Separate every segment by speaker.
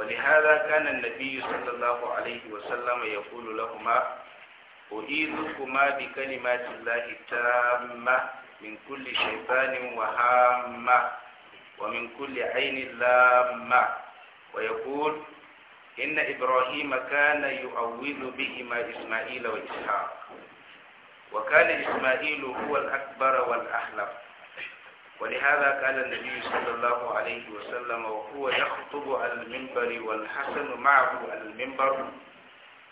Speaker 1: ولهذا كان النبي صلى الله عليه وسلم يقول لهما أعيذكما بكلمات الله التامة من كل شيطان وهامة ومن كل عين لامة ويقول إن إبراهيم كان يؤوذ بهما إسماعيل وإسحاق وكان إسماعيل هو الأكبر والأحلف ولهذا قال النبي صلى الله عليه وسلم وهو يخطب على المنبر والحسن معه على المنبر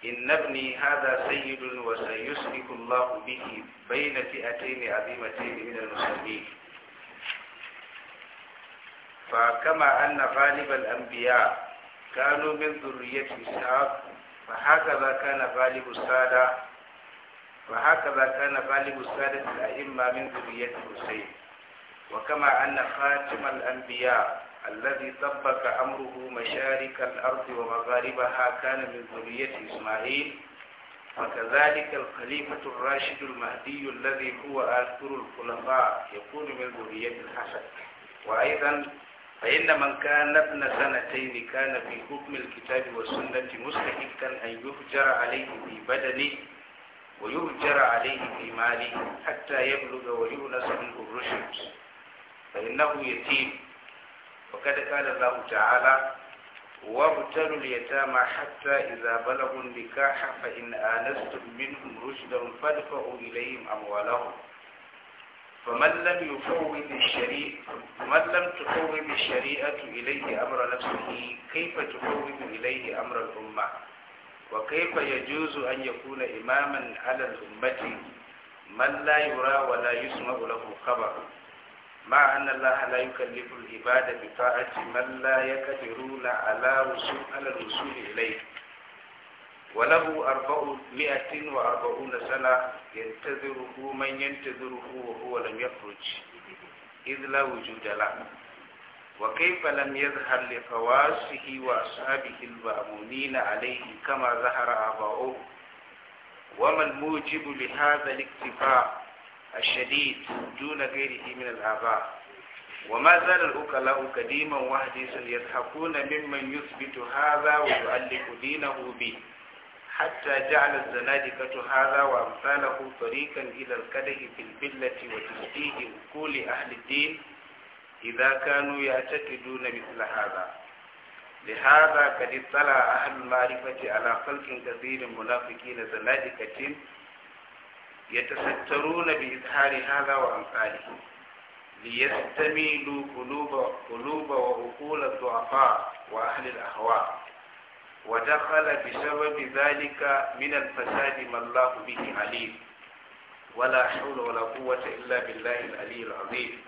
Speaker 1: إن ابني هذا سيد وسيسلك الله به بين فئتين عظيمتين من المسلمين فكما أن غالب الأنبياء كانوا من ذرية إسحاق فهكذا كان غالب السادة فهكذا كان غالب السادة الأئمة من ذرية حسين وكما أن خاتم الأنبياء الذي طبق أمره مشارك الأرض ومغاربها كان من ذرية إسماعيل وكذلك الخليفة الراشد المهدي الذي هو آخر الخلفاء يكون من ذرية الحسن وأيضا فإن من كان ابن سنتين كان في حكم الكتاب والسنة مستحقا أن يهجر عليه في بدنه ويهجر عليه في ماله حتى يبلغ ويونس منه الرشد فإنه يتيم وقد قال الله تعالى وابتلوا اليتامى حتى إذا بلغوا النكاح فإن آنستم منهم رشدا فادفعوا إليهم أموالهم فمن لم يفوض الشريعة فمن لم تفوض الشريعة إليه أمر نفسه كيف تفوض إليه أمر الأمة وكيف يجوز أن يكون إماما على الأمة من لا يرى ولا يسمع له خبر مع أن الله لا يكلف العباد بطاعة من لا يقدرون على على الوصول إليه وله أربعمائة وأربعون سنة ينتظره من ينتظره وهو لم يخرج إذ لا وجود له وكيف لم يظهر لخواصه وأصحابه المأمونين عليه كما ظهر آباؤه وما الموجب لهذا الاكتفاء الشديد دون غيره من الآباء وما زال الأكلاء قديما وحديثا يضحكون ممن يثبت هذا ويؤلف دينه به حتى جعل الزنادقة هذا وأمثاله طريقا إلى الكده في البلة وتشبيه كل أهل الدين إذا كانوا يعتقدون مثل هذا لهذا قد اطلع أهل المعرفة على خلق كثير منافقين زنادقة يتسترون بإظهار هذا وأمثاله ليستميلوا قلوب قلوب وعقول الضعفاء وأهل الأهواء ودخل بسبب ذلك من الفساد ما الله به عليم ولا حول ولا قوة إلا بالله العلي العظيم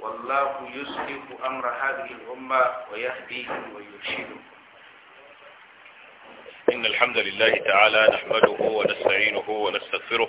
Speaker 1: والله يصلح أمر هذه الأمة ويهديهم ويرشدهم
Speaker 2: إن الحمد لله تعالى نحمده ونستعينه ونستغفره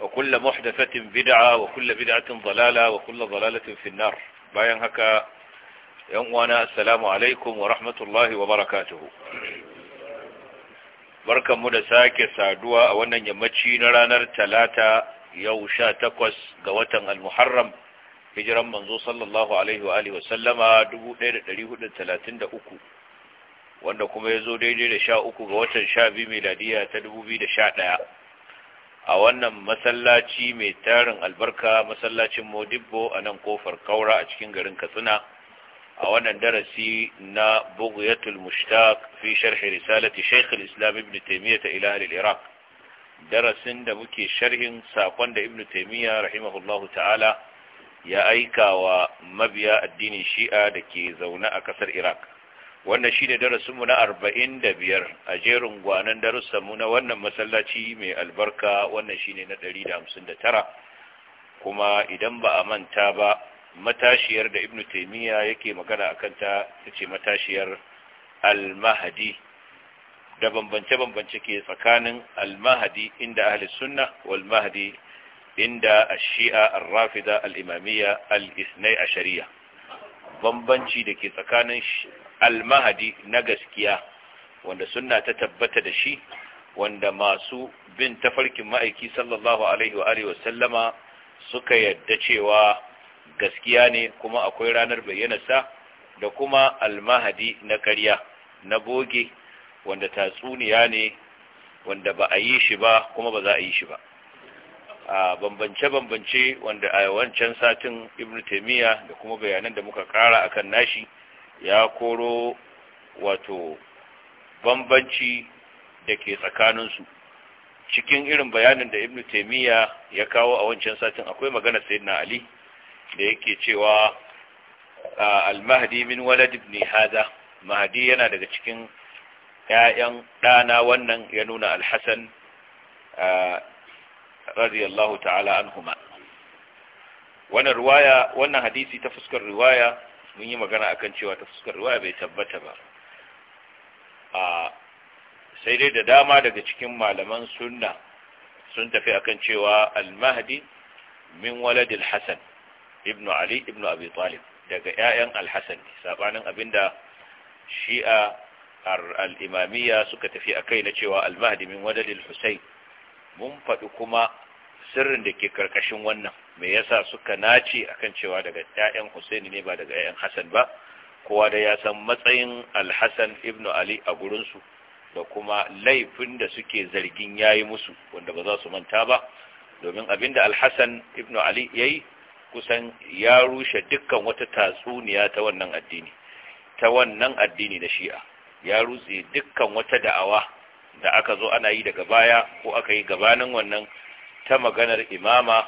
Speaker 2: وكل محدثة بدعة وكل بدعة ضلالة وكل ضلالة في النار باين هكا يوانا السلام عليكم ورحمة الله وبركاته بركة مدساك سادوا أولا يمتشي نرانر تلاتة يو شا تقوس قوة المحرم هجرا منذ صلى الله عليه وآله وسلم دبو دير دليه دلتلاتين دا أكو wanda kuma ya zo daidai da sha uku ga watan sha biyu miladiya ta dubu biyu da sha ɗaya a wannan masallaci mai tarin albarka masallacin modibbo a nan kofar kaura a cikin garin katsina a wannan darasi na bughyatul mushtaq fi sharh risalati shaykh al-islam ibn taymiyyah ila al-iraq darasin da muke sharhin sakon da ibn taymiyyah rahimahullahu ta'ala ya aika wa mabiya addinin shi'a da ke zaune a kasar iraq wannan shine darasinmu na arba'in da biyar a jerin gwanan darussanmu na wannan masallaci mai albarka wannan shine na ɗari da hamsin da tara kuma idan ba a manta ba matashiyar da ibnu taimiyya yake magana a kanta ta ce matashiyar almahadi da bambance-bambance ke tsakanin almahadi inda ahli sunna wal mahadi inda ashi'a al-rafida al-imamiyya al a shari'a. bambanci da ke tsakanin almahadi na gaskiya wanda sunna ta tabbata da shi wanda masu bin tafarkin ma'aiki sallallahu alaihi wa alihi wasallama suka yadda cewa gaskiya ne kuma akwai ranar bayyanarsa da kuma almahadi na ƙarya na boge wanda tatsuniya ne wanda ba a yi shi ba kuma ba za a yi shi ba a bambance-bambance wanda a yawancan satin ibn taimiyya da kuma bayanan da muka kara akan nashi ya koro wato bambanci da ke tsakaninsu cikin irin bayanin da ibn taimiyya ya kawo a wancan satin akwai magana sayyidina ali da yake cewa al-mahdi min walad ibn hada mahdi yana daga cikin ‘ya'yan ɗana wannan ya nuna al alhassan radiyallahu ta'ala anhuma wannan ruwaya wannan hadisi ta fuskar riwaya mun yi magana akan cewa ta fuskar ruwa bai tabbata ba a sai dai da dama daga cikin malaman sunna sun tafi akan cewa al-mahdi min waladil hasan ibn ali ibn abi talib daga ƴaƴan al-hasan sabanin abinda shi'a al-imamiyya suka tafi akai na cewa al-mahdi min waladil husayn mun faɗi kuma sirrin da ke karkashin wannan me yasa suka nace akan cewa daga ɗayan Husaini ne ba daga ɗayan Hassan ba kowa da ya san matsayin al Ibnu Ali a gurin su da kuma laifin da suke zargin yayi musu wanda ba za su manta ba domin abin da Alhassan Ibnu Ali yayi kusan ya rushe dukkan wata tatsuniya ta wannan addini ta wannan addini na Shi'a ya rutse dukkan wata da'awa da aka zo ana yi daga baya ko aka yi gabanin wannan ta maganar imama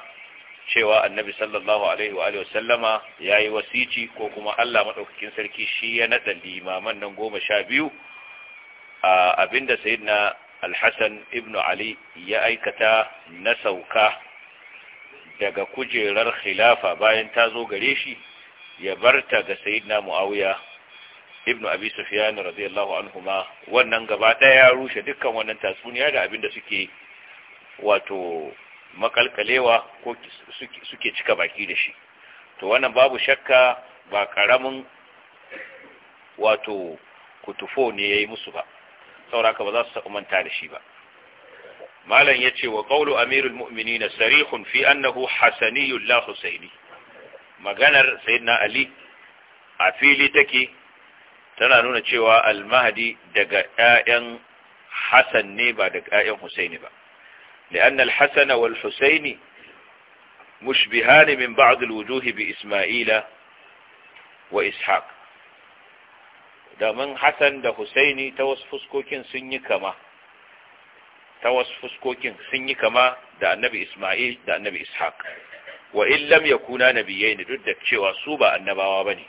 Speaker 2: cewa annabi sallallahu alaihi wa alihi sallama yayi wasici ko kuma Allah madaukakin sarki shi ya nada limaman nan goma sha biyu abinda sayyidina al-Hasan ibn Ali ya aikata na sauka daga kujerar khilafa bayan ta zo gare shi ya barta ga sayyidina Muawiya ibn Abi Sufyan radiyallahu anhuma wannan gaba daya ya rushe dukkan wannan tasuniya da abinda suke wato makalkalewa ko suke cika baki da shi to wannan babu shakka ba karamin wato kutufo ne ya yi musu ba sauraka ba za su manta da shi ba malam ya ce wa ƙaulu amirul mu'mini na sarihun fi annahu hasaniyun la husaini maganar sayyidina ali a fili take tana nuna cewa almahadi daga 'ya'yan hassan ne ba daga 'ya'yan husaini ba لأن الحسن والحسين مشبهان من بعض الوجوه بإسماعيل وإسحاق ده من حسن ده حسين توصف سكوكين سني كما توصف سكوكين سني كما ده النبي إسماعيل ده النبي إسحاق وإن لم يكونا نبيين ردك شوى صوبة النبا وابني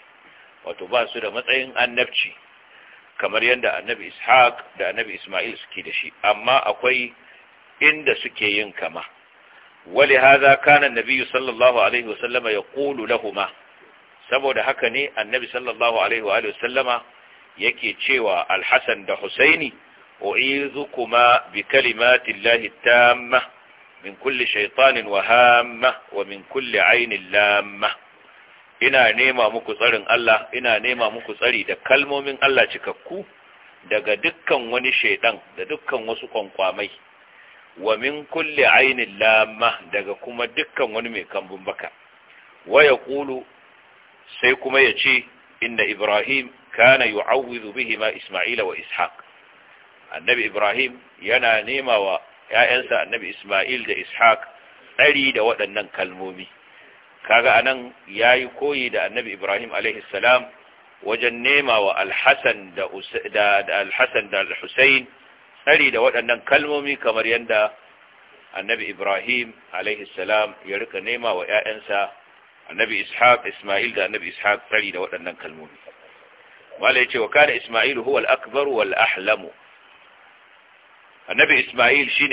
Speaker 2: وتبا سورة مطعين النبشي كما ريان ده النبي إسحاق ده النبي إسماعيل سكيدشي أما أكوي inda suke yin kama wali haza kana nabi sallallahu alaihi wasallama ya ƙulu lahuma saboda haka ne annabi sallallahu alaihi wasallama yake cewa alhassan da husaini أعيذكما بكلمات الله التامة من كل wahama wa ومن كل عين لامة ina nema muku tsarin Allah ina nema muku tsari da kalmomin Allah cikakku daga dukkan wani shaidan da dukkan wasu kwankwamai wa min kulle aini lama daga kuma dukkan wani mai kambun baka wa ya kulu sai kuma ya ce inda ibrahim kana yu'awwidhu bihi ma isma'ila wa ishaq annabi ibrahim yana nema wa ‘ya'yansa annabi Ismail da Ishaq ɗari da waɗannan kalmomi. Kaga anan ya yi koyi da annabi Ibrahim salam wajen nema wa Alhassan da Alhussein tsari da waɗannan kalmomi kamar yadda annabi Ibrahim salam ya rika nema wa ‘ya'yansa annabi Ishaq Ismail da annabi Ishaq tsari da waɗannan kalmomi. Mala ya ce wa kada Ismail huwa al'akbar wal ahlamu. Annabi Ismail shi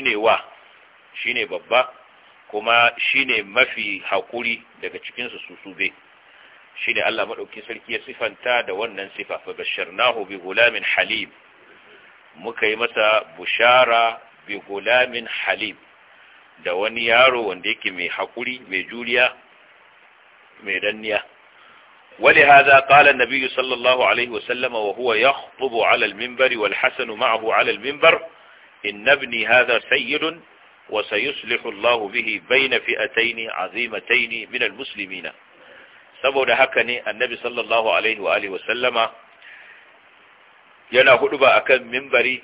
Speaker 2: ne wa, shi ne babba, kuma shi ne mafi haƙuri daga cikinsu su sube. Shi ne Allah maɗauki sarki ya sifanta da wannan sifa, fa bashar nahu bi gulamin halim. muka yi mata bushara bi gulamin halib da wani yaro wanda yake mai haƙuri mai juriya mai danniya wali hada kala nabi sallallahu alaihi wasallama wa huwa ya hubo alal mimbari wal hasanu ma'ahu alal mimbar in nabni hada sayyidun وسيصلح الله به بين فئتين عظيمتين من المسلمين سبو ده هكا ني النبي صلى الله عليه واله وسلم yana hudu ba akan mimbari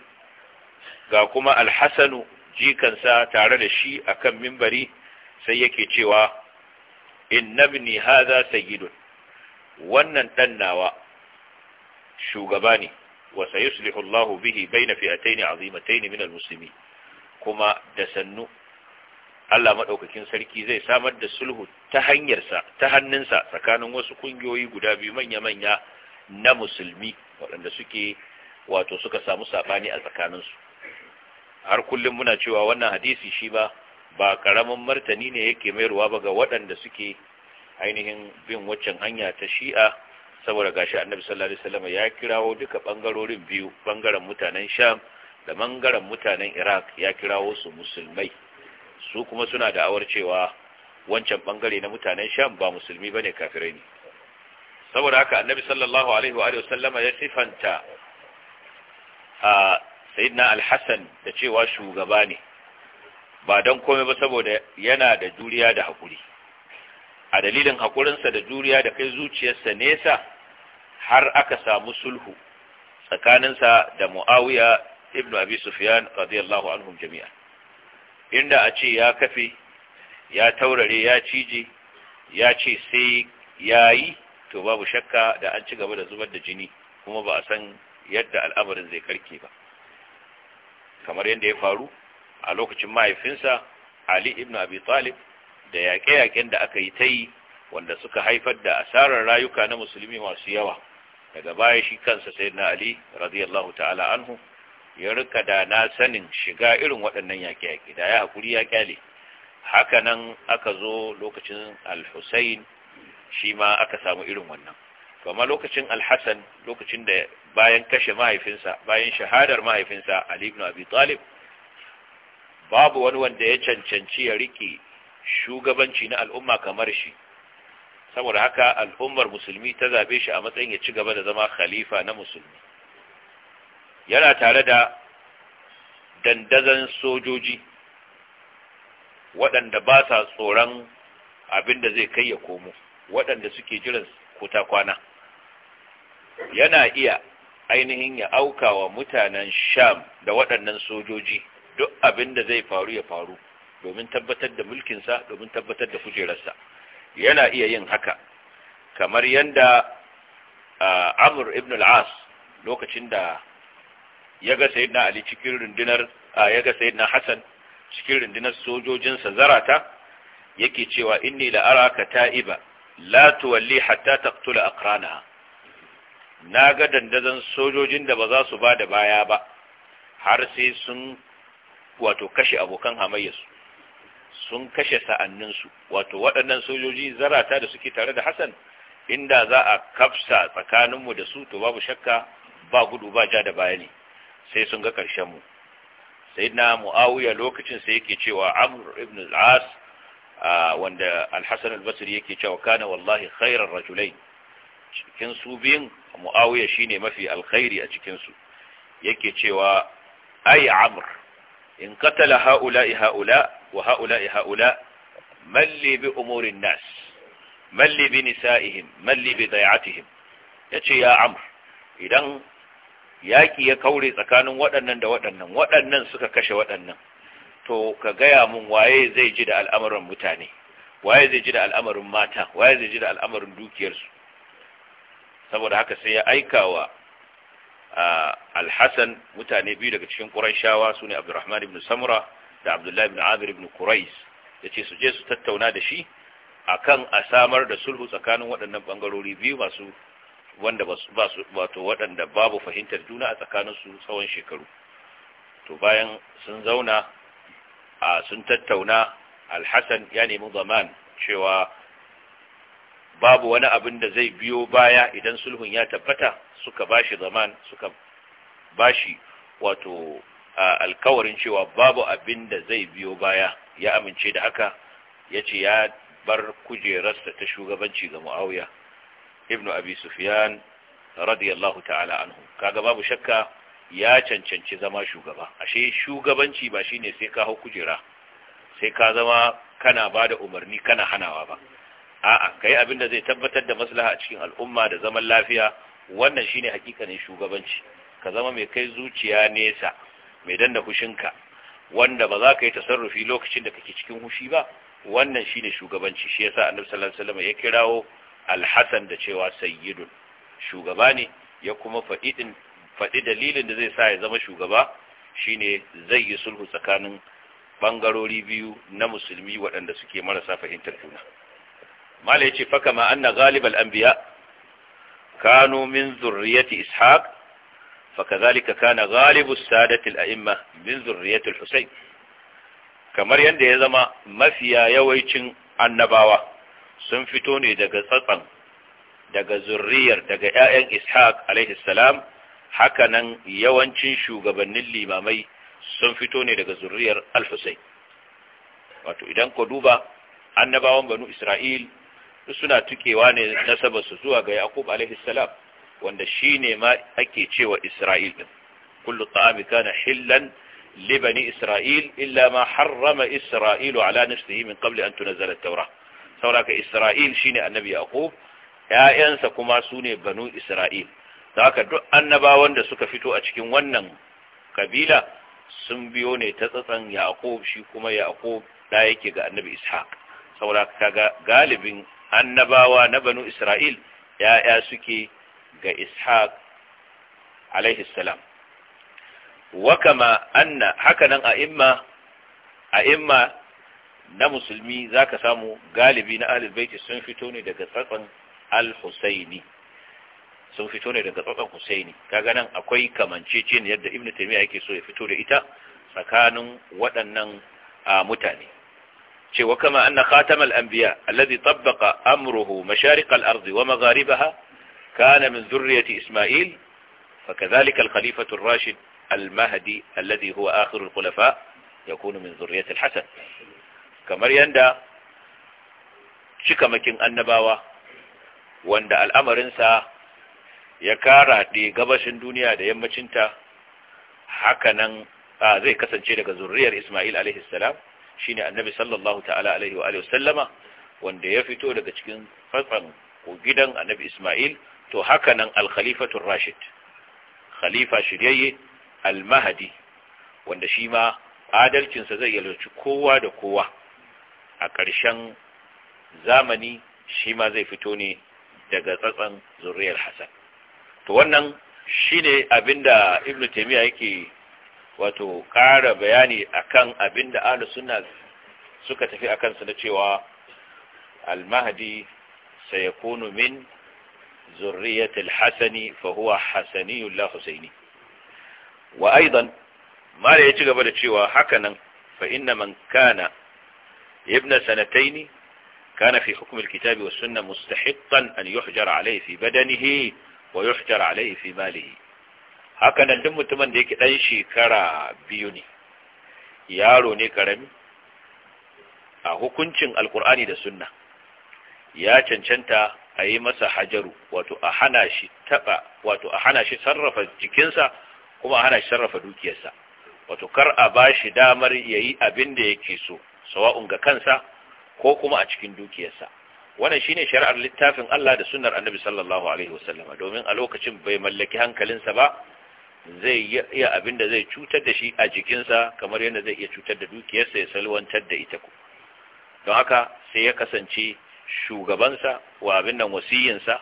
Speaker 2: ga kuma alhassanu jikansa tare da shi akan mimbari sai yake cewa inna ibni hadha sayyidun wannan dan nawa shugaba ne wa sayuslihu Allah bihi baina fi'atayn azimatayn min musulmi kuma da sannu Allah maɗaukakin sarki zai samar da sulhu ta hanyarsa ta hannunsa tsakanin wasu ƙungiyoyi guda biyu manya-manya na musulmi waɗanda suke wato suka samu saɓani a tsakaninsu har kullum muna cewa wannan hadisi shi ba ba karamin martani ne yake mayarwa ba ga waɗanda suke ainihin bin waccan hanya ta shi'a saboda gashi annabi sallallahu alaihi wasallam ya kirawo duka bangarorin biyu bangaren mutanen sham da bangaren mutanen iraq ya kirawo su musulmai su kuma suna da awar cewa wancan bangare na mutanen sham ba musulmi bane kafirai ne saboda haka annabi sallallahu alaihi wa sallama ya sifanta a sayyidina al-hasan da cewa shugaba ne ba don komai ba saboda yana da juriya da hakuri a dalilin hakurinsa da juriya da kai zuciyarsa nesa har aka samu sulhu tsakaninsa da muawiya ibnu abi sufyan radiyallahu anhum jami'a inda a ce ya kafe ya taurare ya cije ya ce sai yi. to babu shakka da an ci gaba da zubar da jini kuma ba a san yadda al'amarin zai karke ba kamar yadda ya faru a lokacin mahaifinsa ali ibn abi talib da yaƙe-yaƙen da aka yi ta yi wanda suka haifar da asarar rayuka na musulmi masu yawa daga baya shi kansa sai na ali radiyallahu ta'ala anhu ya rika da na sanin shiga irin waɗannan yaƙe-yaƙe da ya haƙuri ya ƙyale haka nan aka zo lokacin al-husayn shi ma aka samu irin wannan kuma lokacin alhassan lokacin da bayan kashe mahaifinsa bayan shahadar mahaifinsa ali ibn abi talib babu wani wanda ya cancanci ya riƙe shugabanci na al'umma kamar shi saboda haka al'ummar musulmi ta zabe shi a matsayin ya ci gaba da zama khalifa na musulmi yana tare da dandazan sojoji waɗanda ba sa tsoron abin da zai kai ya komo waɗanda suke jiran ko ta kwana yana iya ainihin ya auka wa mutanen sham da waɗannan sojoji duk abin da zai faru ya faru domin tabbatar da mulkinsa domin tabbatar da kujerarsa yana iya yin haka kamar yadda amur ibn al'as lokacin da ya ga sayidina ali cikin rundunar ya ga sayidina hassan cikin rundunar sojojinsa zarata yake cewa inni la'araka ta'iba la tuwalli hatta taqtula aqranaha naga dandazan sojojin da ba za su bada baya ba har sai sun wato kashe abokan hamayyarsu sun kashe sa'anninsu wato waɗannan sojoji zarata da suke tare da Hassan inda za a kafsa tsakaninmu da su to babu shakka ba gudu ba ja da bayani sai sun ga ƙarshenmu. mu sai na mu'awiya lokacin sai yake cewa amr ibn al-as wanda al-hasan basri yake cewa kana wallahi khairar rajulai cikin su biyun shi shine mafi alkhairi a cikinsu yake cewa ai amr in katala haula'i haula wa haula'i haula malli bi umurin nas malli bi nisa'ihim malli bi dai'atihim yace ya amr idan yaki ya kaure tsakanin waɗannan da waɗannan waɗannan suka kashe waɗannan to ka gaya mun waye zai ji da al'amuran mutane waye zai ji da al'amarin mata waye zai ji da al'amarin dukiyarsu saboda haka sai ya aika wa alhassan mutane biyu daga cikin ƙuraishawa su ne abdurrahman ibn samura da abdullahi ibn amir ibn kurais ya ce su je su tattauna da shi akan a samar da sulhu tsakanin waɗannan ɓangarori biyu masu wanda ba su wato waɗanda babu fahimtar juna a tsakaninsu tsawon shekaru to bayan sun zauna sun tattauna alhassan ya nemi zaman cewa babu wani abin da zai biyo baya idan sulhun ya tabbata suka bashi zaman suka bashi wato alkawarin cewa babu abin da zai biyo baya ya amince da haka ya ce ya bar kujerarsa ta shugabanci ga mu'awiya ibnu abi sufiyan radiyallahu ta'ala anhu kaga babu shakka ya cancanci zama shugaba ashe shugabanci ba shine sai ka hau kujera sai ka zama kana bada umarni kana hanawa ba a'a kai abin da zai tabbatar da maslaha a cikin al'umma da zaman lafiya wannan shine hakikanin shugabanci ka zama mai kai zuciya nesa mai danna hushinka wanda ba za ka yi tasarrufi lokacin da kake cikin hushi ba wannan shine shugabanci shi yasa annabi sallallahu alaihi wasallam ya kirawo al da cewa sayyidun shugaba ne ya kuma faɗi fa'idin faɗi dalilin da zai sa ya zama shugaba shine zai yi sulhu tsakanin ɓangarori biyu na musulmi waɗanda suke marasa fahimtar juna mala yace fa kama anna ghalibal anbiya kanu min zurriyati ishaq fakazalika kana ghalibu sadati al-a'imma min zurriyyati al kamar yadda ya zama mafiya yawaicin annabawa sun fito ne daga tsatsan daga zurriyar daga ‘ya'yan ishaq alaihi hakanan yawancin shugabannin limamai sun fito ne daga zuriyar alfusai wato idan ku duba annabawan banu isra'il suna tukewa ne nasabarsu zuwa ga yaqub alaihi salam wanda shine ma ake cewa isra'il din kullu ta'ami kana hillan li bani isra'il illa ma harrama israil ala nafsihi min qabl an tunzala at-taura sauraka isra'il shine annabi yaqub ya'yansa kuma sune banu isra'il da haka duk annabawan da suka fito a cikin wannan kabila sun biyo ne ta tsatsan yaqub shi kuma yaqub da yake ga annabi ishaq saboda ga galibin annabawa na banu isra'il ya'ya suke ga ishaq alaihi salam wa kama anna hakanan a imma a'imma na musulmi zaka samu galibi na ahlul baiti sun fito ne daga tsatsan al-husaini sun fito ne daga tsotsan Husaini kaga nan akwai kamancece ne yadda Ibn Taymiyyah yake so ya fito da ita tsakanin waɗannan mutane cewa kama anna khatamal anbiya alladhi tabbaqa amruhu masharik al-ardh wa magharibaha kana min zurriyyati Isma'il fakadhalika al-khalifatu rashid al-mahdi alladhi huwa akhiru al-khulafa yakunu min zurriyyati al kamar yadda cikamakin annabawa wanda al'amarinsa ya kara ɗe gabashin duniya da yammacinta hakanan zai kasance daga zurriyar Ismail alaihi salam shine annabi sallallahu ta'ala alaihi wa sallama wanda ya fito daga cikin fatsan gidan annabi Ismail to hakanan nan alkhalifatun rashid khalifa shiryayye al-mahdi wanda shi ma adalcinsa zai yalwaci kowa da kowa a ƙarshen zamani shi ma zai fito ne daga tsatsan zuriyar Hassan to wannan shine abinda ibnu taymiya yake wato ƙara bayani akan abinda ahlus sunna suka tafi akan su na cewa al-mahdi sayakunu min zurriyyati al-hasani fa huwa hasani la husaini wa aidan mala ya ci gaba da cewa hakanan fa inna man kana ibna sanatayn kana fi hukm al-kitab was sunnah mustahiqqan an yuhjar alayhi fi badanihi wa yuhjar alaihi fi malihi haka nan duk mutumin da yake dan shekara biyu ne yaro ne karami a hukuncin alkur'ani da sunna ya cancanta a yi masa hajaru wato a hana shi taba wato a hana shi sarrafa jikinsa kuma a hana shi sarrafa dukiyarsa wato kar a ba shi damar yayi abin da yake so sawa'un ga kansa ko kuma a cikin dukiyarsa wannan shine shari'ar littafin Allah da sunnar annabi sallallahu alaihi wasallam domin a lokacin bai mallaki hankalinsa ba zai iya abin da zai cutar da shi a jikinsa kamar yadda zai iya cutar da dukiyarsa ya salwantar da ita ku don haka sai ya kasance shugabansa wa abin nan wasiyinsa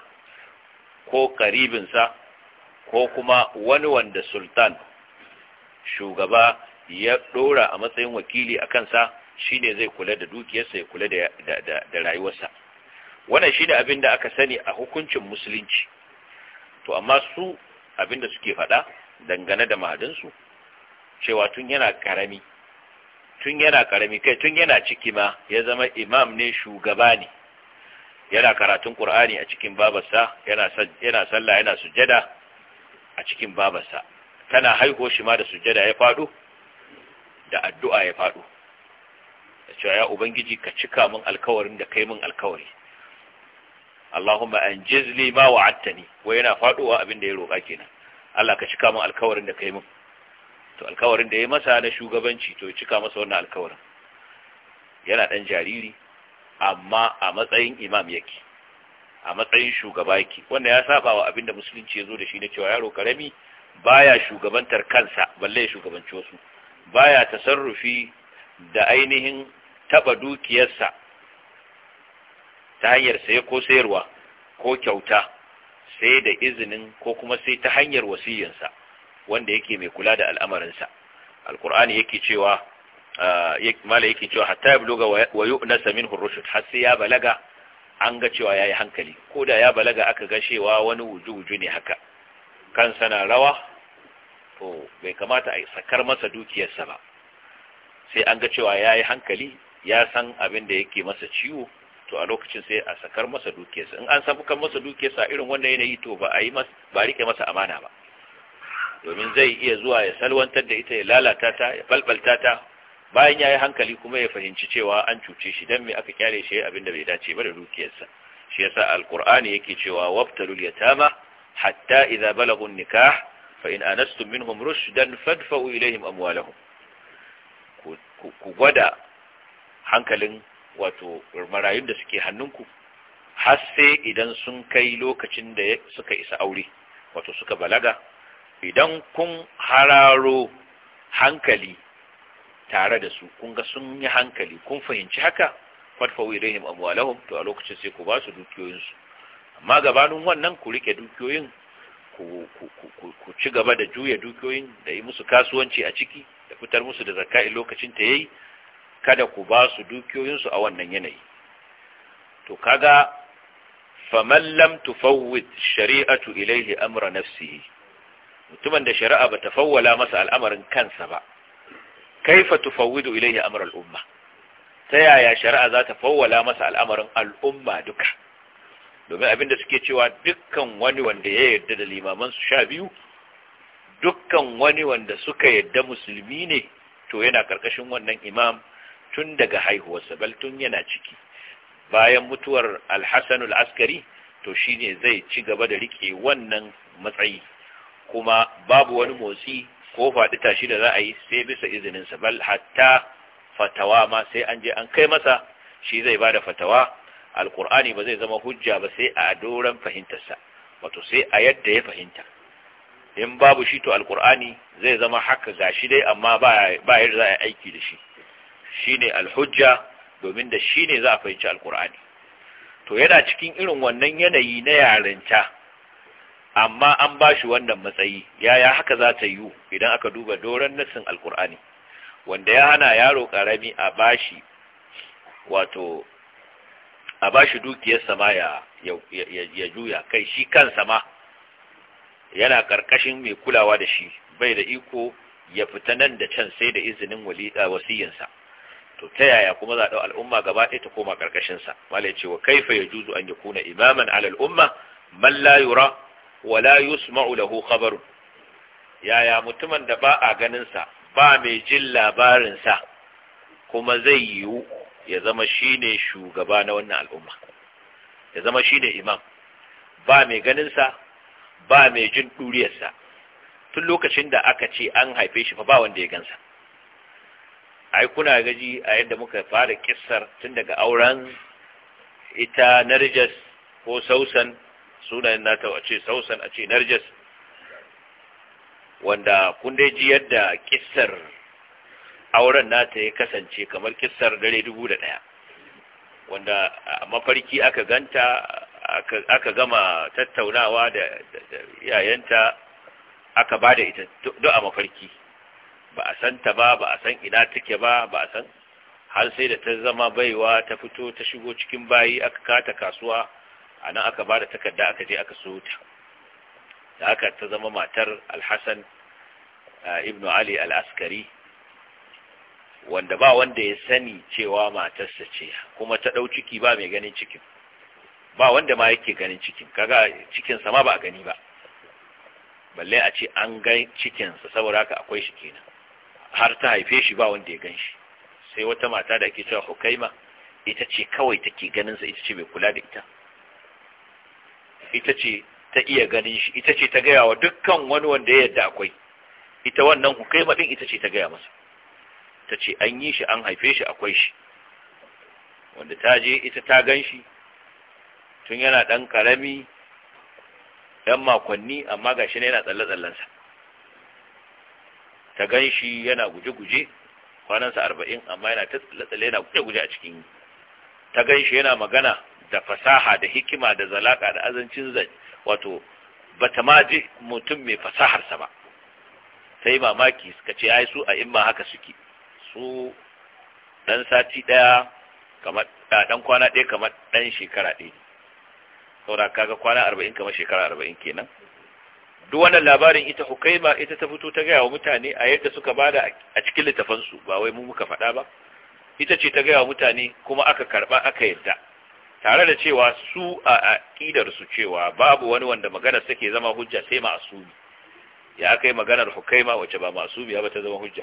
Speaker 2: ko karibinsa ko kuma wani wanda sultan shugaba ya dora a matsayin wakili a kansa shine zai kula da dukiyarsa ya kula da rayuwarsa wannan shine abin da aka sani a hukuncin musulunci to amma su abin da suke faɗa dangane da mahadinsu cewa tun yana karami tun yana karami kai tun yana ciki ma ya zama imam ne shugaba ne yana karatun ƙur'ani a cikin babarsa yana sallah yana sujada a cikin babarsa tana haiko shi ma da sujada ya faɗo da addu'a ya faɗo. cewa ya ubangiji ka cika min alkawarin da kai min alkawari Allahumma anjizli ma wa'adtani wai yana faduwa abin da ya roƙa kenan Allah ka cika min alkawarin da kai min to alkawarin da ya masa na shugabanci to cika masa wannan alkawarin yana dan jariri amma a matsayin imam yake a matsayin shugaba yake wanda ya saba wa abin da musulunci ya zo da shi na cewa yaro karami baya shugabantar kansa balle ya shugabanci wasu baya tasarrufi da ainihin taba dukiyarsa ta hanyar saye ko sayarwa ko kyauta sai da izinin ko kuma sai ta hanyar wasiyyansa wanda yake mai kula da al'amarinsa alkur'ani yake cewa mala yake cewa hatta ya buluga wa yu'nasa minhu rushd har sai ya balaga an ga cewa yayi hankali ko da ya balaga aka ga wani wuju-wuju ne haka kansa na rawa to bai kamata a sakar masa dukiyarsa ba sai an ga cewa yayi hankali ya san abin da yake masa ciwo to a lokacin sai a sakar masa dukiyarsa in an kan masa dukiyarsa irin wannan yanayi to ba a yi ba rike masa amana ba domin zai iya zuwa ya salwantar da ita ya lalata ta ya balbalta ta bayan yayi hankali kuma ya fahimci cewa an cuce shi dan me aka kyale shi abin da bai dace ba da dukiyarsa shi yasa alqur'ani yake cewa wabtalul yatama hatta idza balagu nikah fa in anastum minhum rushdan fadfa'u ilayhim amwalahum ku gwada hankalin wato marayun da suke hannunku har sai idan sun kai lokacin da suka isa aure wato suka balaga idan kun hararo hankali tare da su kun ga sun yi hankali kun fahimci haka fadfawo ilaihim amwalahum to a lokacin sai ku ba su dukiyoyinsu amma gabanin wannan ku rike dukiyoyin ku ci gaba da juya dukiyoyin da yi musu kasuwanci a ciki da fitar musu da zakka lokacin ta yayi kada ku ba su dukiyoyinsu a wannan yanayi to kaga faman lam tufawwid shari'atu ilaihi amra nafsihi mutumin da shari'a ba ta fawwala masa al'amarin kansa ba kaifa tufawwidu ilaihi amra al'umma ta yaya shari'a za ta fawwala masa al'amarin al'umma duka domin abinda suke cewa dukkan wani wanda ya yarda da limaman su sha biyu dukkan wani wanda suka yarda musulmi ne to yana karkashin wannan imam tun daga haihuwarsa bal tun yana ciki bayan mutuwar alhassan askari to shi ne zai ci gaba da rike wannan matsayi kuma babu wani motsi ko faɗi tashi da za a yi sai bisa izininsa bal hatta fatawa ma sai an je an kai masa shi zai ba da fatawa alkur'ani ba zai zama hujja ba sai a doron fahimtarsa wato sai a yadda ya fahimta in babu shi to alkur'ani zai zama haka gashi dai amma ba yadda za a yi aiki da shi shine alhujja domin da ne za a fahimci alkur'ani to yana cikin irin wannan yanayi na yarinta amma an ba shi wannan matsayi yaya haka za ta yiwu idan aka duba doron nassin alkur'ani wanda ya hana yaro karami a bashi wato a bashi dukiyar sama ya, ya juya kai shi kan sama? yana karkashin mai kulawa da shi bai da iko ya fita nan da can sai da izinin wasiyinsa to ta yaya kuma za a dau al'umma gaba ɗaya ta koma ƙarƙashinsa? sa malai ce wa kaifa juzu an yakuna imaman al'umma man la yura wa la yusma'u lahu yaya mutumin da ba a ganin sa ba mai jin labarin sa kuma zai yiwu ya zama shine shugaba na wannan al'umma ya zama shine imam ba mai ganin sa ba mai jin duriyar sa tun lokacin da aka ce an haife shi fa ba wanda ya gansa ai kuna gaji a yadda muka fara kissar tun daga auren ita narjas ko sausan Sunayen nata a ce sausan a ce narjas wanda kun dai ji yadda kissar auren nata ya kasance kamar kissar dare dubu da ɗaya wanda a mafarki aka ganta aka gama tattaunawa da yayanta aka ba da ita duk a mafarki ba a san ta ba ba a san ina take ba ba a san har sai da ta zama baiwa ta fito ta shigo cikin bayi aka kata kasuwa a nan aka ba da takarda aka je aka so ta da haka ta zama matar alhassan eh, Ibnu ali al-askari wanda ba wanda ya sani cewa matarsa ce kuma ta ɗau ciki ba mai ganin cikin ba wanda ma yake ganin cikin kaga cikinsa ma ba gani ba balle a ce an ga cikinsa saboda haka akwai shi kenan har ta haife shi ba wanda ya gan shi sai wata mata da ake cewa hukaima ita ce kawai ta ke ganinsa ita ce mai kula da ita ita ce ta iya ganin shi ita ce ta gaya wa dukkan wani wanda ya yadda akwai ita wannan hukaima din ita ce ta gaya masa ta ce an yi shi an haife shi akwai shi wanda ta je ita ta gan shi tun yana ɗan ƙarami ɗan makonni amma gashi ne yana tsalle-tsallensa ta gan shi yana guje-guje kwanansa arba'in amma yana ta tsalle-tsalle yana guje-guje a cikin yi ta gan shi yana magana da fasaha da hikima da zalaka da azancin zai wato ba ta ma ji mutum mai fasaharsa ba sai mamaki suka ce ai su a imma haka suke su dan sati daya kamar dan kwana daya kamar dan shekara daya saboda kaga kwana 40 kamar shekara 40 kenan duk wannan labarin ita hukaima ita ta fito ta gaya wa mutane a yadda suka bada a cikin littafansu ba wai mu muka faɗa ba ita ce ta gaya wa mutane kuma aka karɓa aka yadda tare da cewa su a aƙidar su cewa babu wani wanda maganar take zama hujja sai ma'asumi ya kai maganar hukaima wacce ba ma'asumi ba ta zama hujja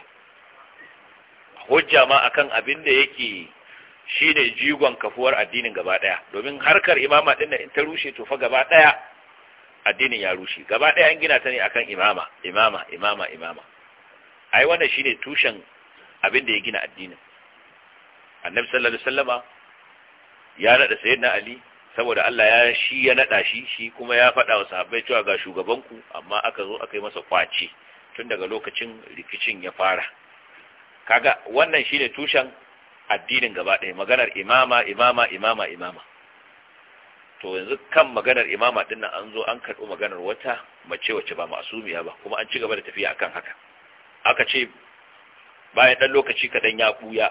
Speaker 2: hujja ma akan abin da yake shine jigon kafuwar addinin gaba daya domin harkar imama da in ta rushe tufa fa gaba daya addinin ya rushe gaba ɗaya an gina ta ne akan imama imama imama imama ai wannan shine tushen abin da ya gina addinin annabi sallallahu alaihi wasallama ya nada sayyidina ali saboda Allah ya shi ya nada shi shi kuma ya faɗa wa sahabbai cewa ga ku amma aka zo aka yi masa kwace tun daga lokacin rikicin ya fara kaga wannan shine tushen addinin gaba ɗaya maganar imama imama imama imama to yanzu kan maganar imama din nan an zo an karɓi maganar wata mace wacce ba masumiya ba kuma an ci gaba da tafiya akan haka aka ce bayan ɗan lokaci kaɗan ya ɓuya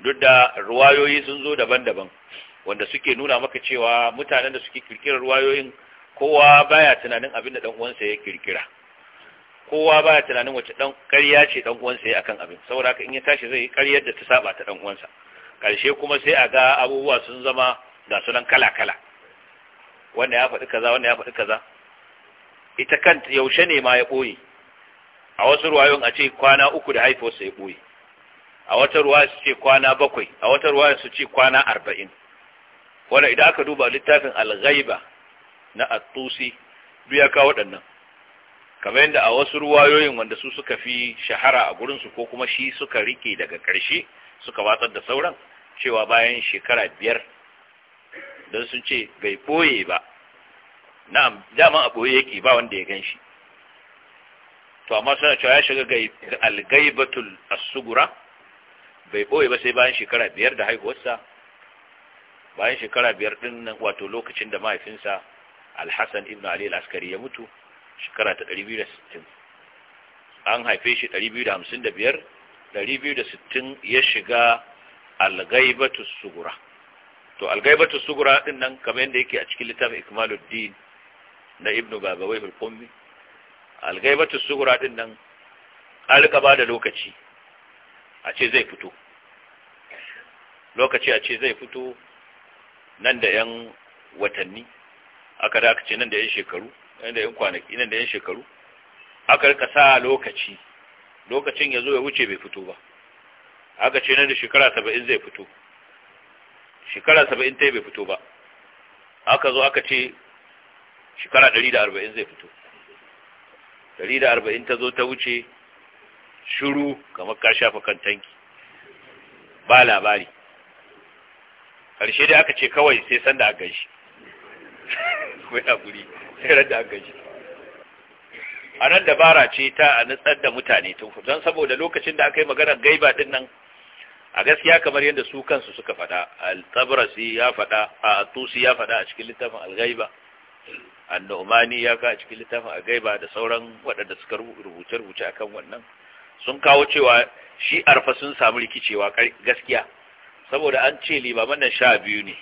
Speaker 2: duk da ruwayoyi sun zo daban-daban wanda suke nuna maka cewa mutanen da suke kirkirar ruwayoyin kowa baya tunanin abin da ɗan uwansa ya kirkira kowa baya tunanin wace ɗan ƙarya ce ɗan uwansa ya akan abin saboda haka in ya tashi zai yi ƙaryar da ta saba ta ɗan uwansa ƙarshe kuma sai a ga abubuwa sun zama ga sunan kala-kala wanda ya faɗi kaza wanda ya faɗi kaza ita kanta yaushe ne ma ya ɓoye a wasu ruwayon, a ce kwana uku da haifuwarsa ya ɓoye a wata ruwa su ce kwana bakwai a wata ruwa su ce kwana arba'in wanda idan aka duba littafin alghaiba na Atusi duk ya kawo waɗannan kamar yadda a wasu ruwayoyin wanda su suka fi shahara a gurinsu ko kuma shi suka rike daga ƙarshe suka watsar da sauran cewa bayan shekara biyar don sun ce bai ɓoye ba na'am dama a ɓoye yake ba wanda ya gan shi to amma suna cewa ya shiga algaibatul asugura bai ɓoye ba sai bayan shekara biyar da haihuwarsa bayan shekara biyar ɗin nan wato lokacin da mahaifinsa alhassan ibn ali al'askari askari ya mutu shekara ta 260 an haife shi 255 260 ya shiga algaibatul sugura to algaibatu sugura din nan kamar yadda yake a cikin littafin ikmaluddin na ibnu gagawai hulkummi algaibatu sugura din nan alka ba da lokaci a ce zai fito lokaci a ce zai fito nan da yan watanni aka da aka ce nan da yan shekaru nan da yan kwanaki nan da yan shekaru aka rika sa lokaci lokacin ya zo ya wuce bai fito ba aka ce nan da shekara saba'in zai fito shekara saba'in ta bai fito ba aka zo aka ce shekara ɗari da arba'in zai fito ɗari da arba'in ta zo ta wuce shuru kamar ka shafa kan tanki ba labari ƙarshe dai aka ce kawai sai sanda a gashi kai ya guri sai rada a gashi a nan dabara ce ta a nutsar da mutane tun don saboda lokacin da aka yi maganar gaiba din nan a gaskiya kamar yadda su kansu suka faɗa al-tabrasi ya faɗa a tusi ya faɗa a cikin littafin al-ghaiba Annumani ya ka a cikin littafin al-ghaiba da sauran waɗanda suka rubuce rubuce akan wannan sun kawo cewa shi arfa sun samu rikicewa gaskiya saboda an ce limaman nan sha biyu ne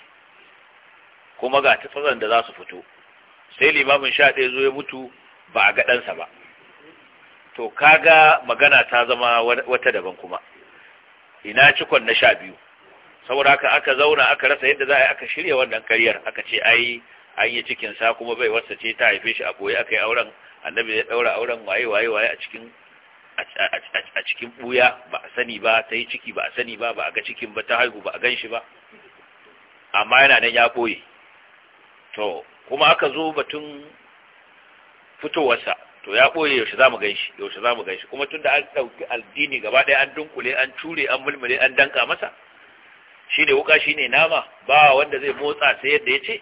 Speaker 2: kuma ga tsaron da za su fito sai limamin sha ɗaya zo ya mutu ba a gaɗansa ba to kaga magana ta zama wata daban kuma ina cikon na sha biyu saboda haka aka zauna aka rasa yadda za a yi aka shirya wannan karyar aka ce ai an yi cikin sa kuma bai wasa ce ta haife shi a koyi aka yi auren annabi ya daura auren waye waye waye a cikin a cikin buya ba a sani ba ta yi ciki ba a sani ba ba a ga cikin ba ta haihu ba a gan shi ba amma yana nan ya koyi to kuma aka zo batun fitowarsa to ya ɓoye yaushe za mu ganshi yaushe za mu ganshi kuma tun da an ɗauki addini gaba ɗaya an dunkule an cure an mulmule an danka masa shi ne wuka shi ne nama ba wanda zai motsa sai yadda ya ce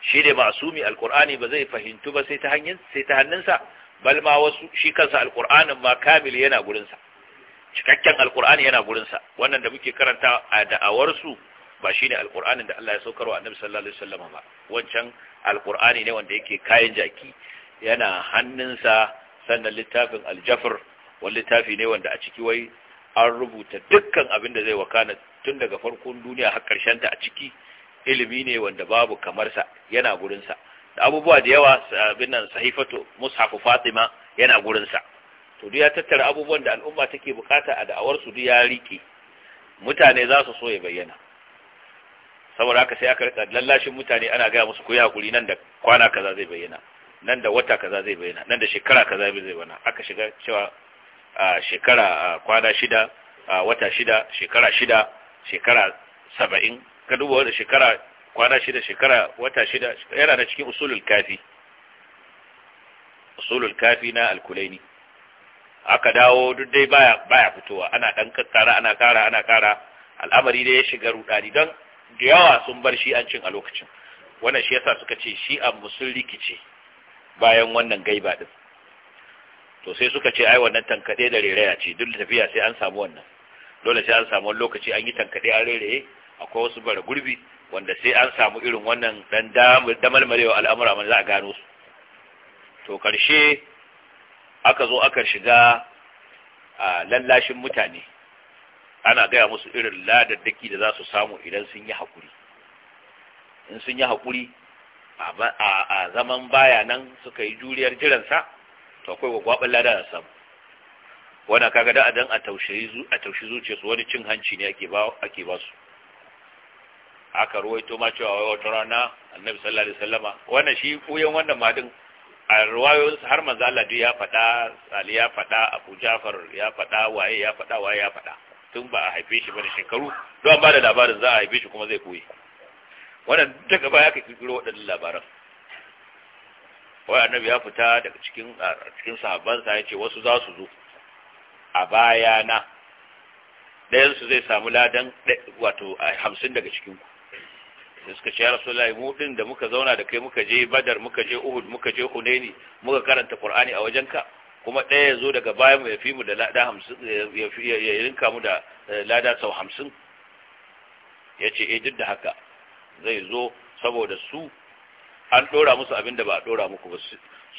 Speaker 2: shi ne masumi Alƙur'ani ba zai fahimtu ba sai ta hannunsa bal ma wasu shi kansa alkur'anin ma kamil yana gurinsa cikakken Alƙur'ani yana gurinsa wannan da muke karanta a da'awarsu ba shi ne Alƙur'ani da Allah ya saukarwa annabi sallallahu alaihi wasallam ba wancan Alƙur'ani ne wanda yake kayan jaki yana hannunsa sannan littafin aljafar wani littafi ne wanda a ciki wai an rubuta dukkan abin da zai wakana tun daga farkon duniya har ta a ciki ilimi ne wanda babu kamarsa yana gurinsa da abubuwa da yawa abin nan sahifatu mushafu fatima yana gurinsa to duk ya tattara abubuwan da al'umma take bukata a da'awar su duk ya rike mutane za su so ya bayyana saboda haka sai aka rika lallashin mutane ana gaya musu ku yi hakuri nan da kwana kaza zai bayyana nan da wata kaza zai bayyana nan da shekara kaza zai bayyana aka shiga cewa a shekara kwana shida a wata shida shekara shida shekara saba'in ka duba wanda shekara kwana shida shekara wata shida yana da cikin usulul kafi usulul kafi na alkulaini aka dawo duk dai baya baya fitowa ana dan kakkara ana kara ana kara al'amari da ya shiga rudani don da yawa sun bar shi an cin a lokacin wannan shi yasa suka ce shi an musul rikice bayan wannan gaiba ɗin, to sai suka ce ai wannan tankade da reraya ce duk tafiya sai an samu wannan dole sai an samu lokaci an yi tankade an reraye akwai wasu bara gurbi wanda sai an samu irin wannan dan damalmalewa al'amura man za a gano su to karshe aka zo aka shiga a lallashin mutane ana gaya musu irin ladaddaki da za su samu idan sun yi haƙuri in sun yi haƙuri a zaman baya nan suka yi juriyar jiransa to akwai gwagwaɓin lada da sam. wanda kaga da adan a taushe zuciya su wani cin hanci ne ake ba su aka ruwaito ma cewa wai wata rana annabi sallallahu alaihi wasallama wannan shi koyon wannan madin a ruwayoyin har manzo Allah dai ya faɗa Ali ya faɗa Abu Jafar ya faɗa waye ya faɗa waye ya fada tun ba a haife shi bane shekaru don ba da labarin za a haife shi kuma zai koyi wannan daga baya ka kirkiro waɗannan labaran wai annabi ya fita daga cikin cikin sahabbansa ya ce wasu za su zo a bayana ɗayansu zai samu ladan wato hamsin daga cikinku da suka ce ya rasulullahi mu ɗin da muka zauna da kai muka je badar muka je uhud muka je hunaini muka karanta qur'ani a wajenka kuma ɗaya ya zo daga bayan ya fi mu da lada hamsin ya rinka mu da eh, lada sau hamsin ya ce eh duk da haka zai zo saboda su an ɗora musu abin da ba a ɗora muku ba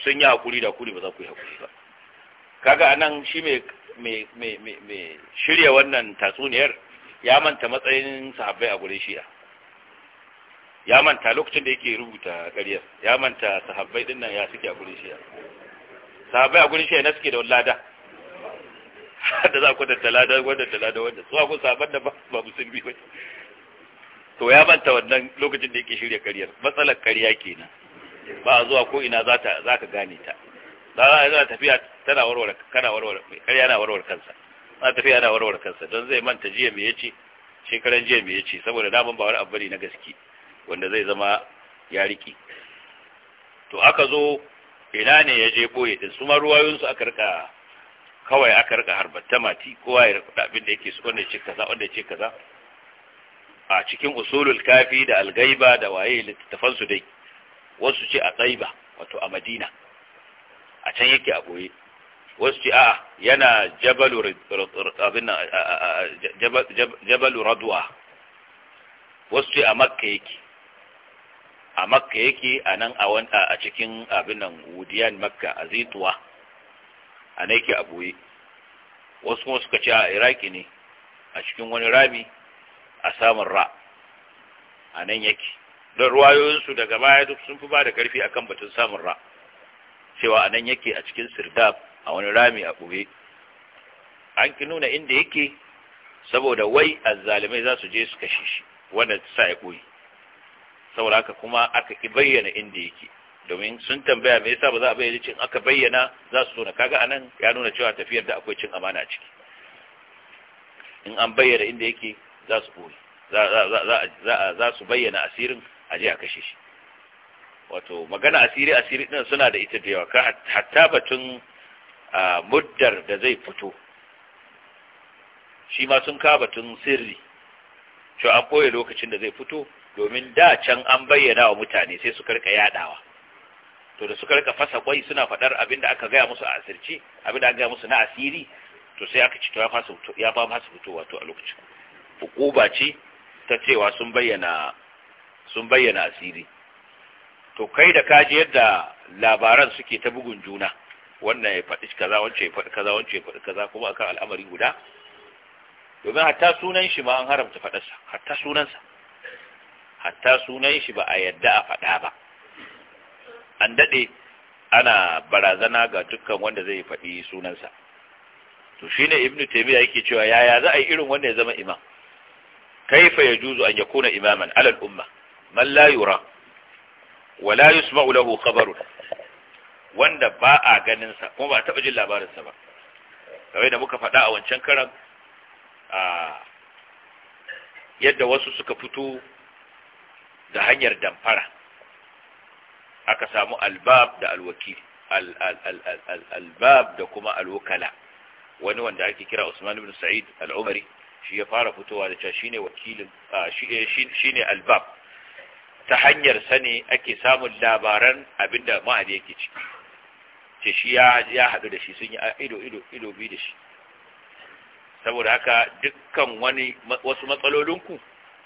Speaker 2: sun yi hakuri da kuri ba za ku yi hakuri ba kaga anan shi mai shirya wannan tatsuniyar ya manta matsayin sahabbai a gure shi'a ya manta lokacin da yake rubuta ƙaryar ya manta sahabbai din nan ya suke a gure shi'a sahabbai a gure shi'a na suke da lada da za ku da talada wanda talada wanda su ku sahabban da ba musulmi ba to ya manta wannan lokacin da yake shirya kariyar matsalar kariya kenan ba zuwa ko ina za ka gane ta za za tafiya tana warware kana warware kariya na warware kansa za tafiya na warware kansa don zai manta jiya me yace shekaran jiya me yace saboda daman ba wani abu ne na gaske wanda zai zama ya riki to aka zo ina ne ya je boye din su ma ruwayoyinsu aka rika kawai aka rika harbar tamati kowa ya rika abin da yake su wanda ya ce kaza wanda ya ce kaza a cikin usulul kafi da algaiba da waye littattafan su dai wasu ce a tsaiba wato a madina a can yake a boye wasu ce a yana jabalu raduwa wasu ce a makka yake a makka yake a nan a cikin abinan wudiyan makka a zituwa a na yake a boye wasu kuma suka ce a iraki ne a cikin wani rami a samun ra a nan yake don ruwayoyinsu daga baya duk sun fi ba da karfi akan batun samun ra cewa a nan yake a cikin sirdab a wani rami a ɓoye an ki nuna inda yake saboda wai azzalimai za su je su kashe shi wanda sa ya ɓoye saboda haka kuma aka ki bayyana inda yake domin sun tambaya me yasa ba za a bayyana cin aka bayyana za su tona kaga anan ya nuna cewa tafiyar da akwai cin amana a ciki in an bayyana inda yake za su boye za su bayyana asirin a je a kashe shi wato magana asiri asiri din suna da ita da yawa hatta batun muddar da zai fito shi ma sun ka batun sirri cewa an ɓoye lokacin da zai fito domin da can an bayyana wa mutane sai su karka yadawa to da su karka fasa kwai suna faɗar abinda aka gaya musu a asirci abinda aka gaya musu na asiri to sai aka ci to ya fasa fitowa to a lokacin hukuba ce ta cewa sun bayyana sun bayyana asiri to kai da kaji yadda labaran suke ta bugun juna wannan ya faɗi kaza wancan ya faɗi kaza wancan ya faɗi kaza kuma akan al'amari guda domin hatta sunan shi ma an haramta faɗarsa hatta sunansa hatta sunan shi ba a yadda a faɗa ba an daɗe ana barazana ga dukkan wanda zai faɗi sunansa to shine ibnu taymiya yake cewa yaya za a yi irin wanda ya zama imam kaifa juzo an yakuna imaman ala al-umma man la yura wa wanda ba a ganinsa, kuma ba a taba jin labarinsa ba kawai da muka faɗa a wancan karan a yadda wasu suka fito da hanyar damfara aka samu albab da alwakil albab da kuma alwukala wani wanda ake kira Usman ibn Sa'id al shi ya fara fitowa da cewa shine wakilin eh, shine albab ta hanyar sani ake samun labaran abinda mahadi yake ciki ce shi ya haɗu da shi sun yi ido ido ido bi da shi saboda haka dukkan wani wasu matsalolinku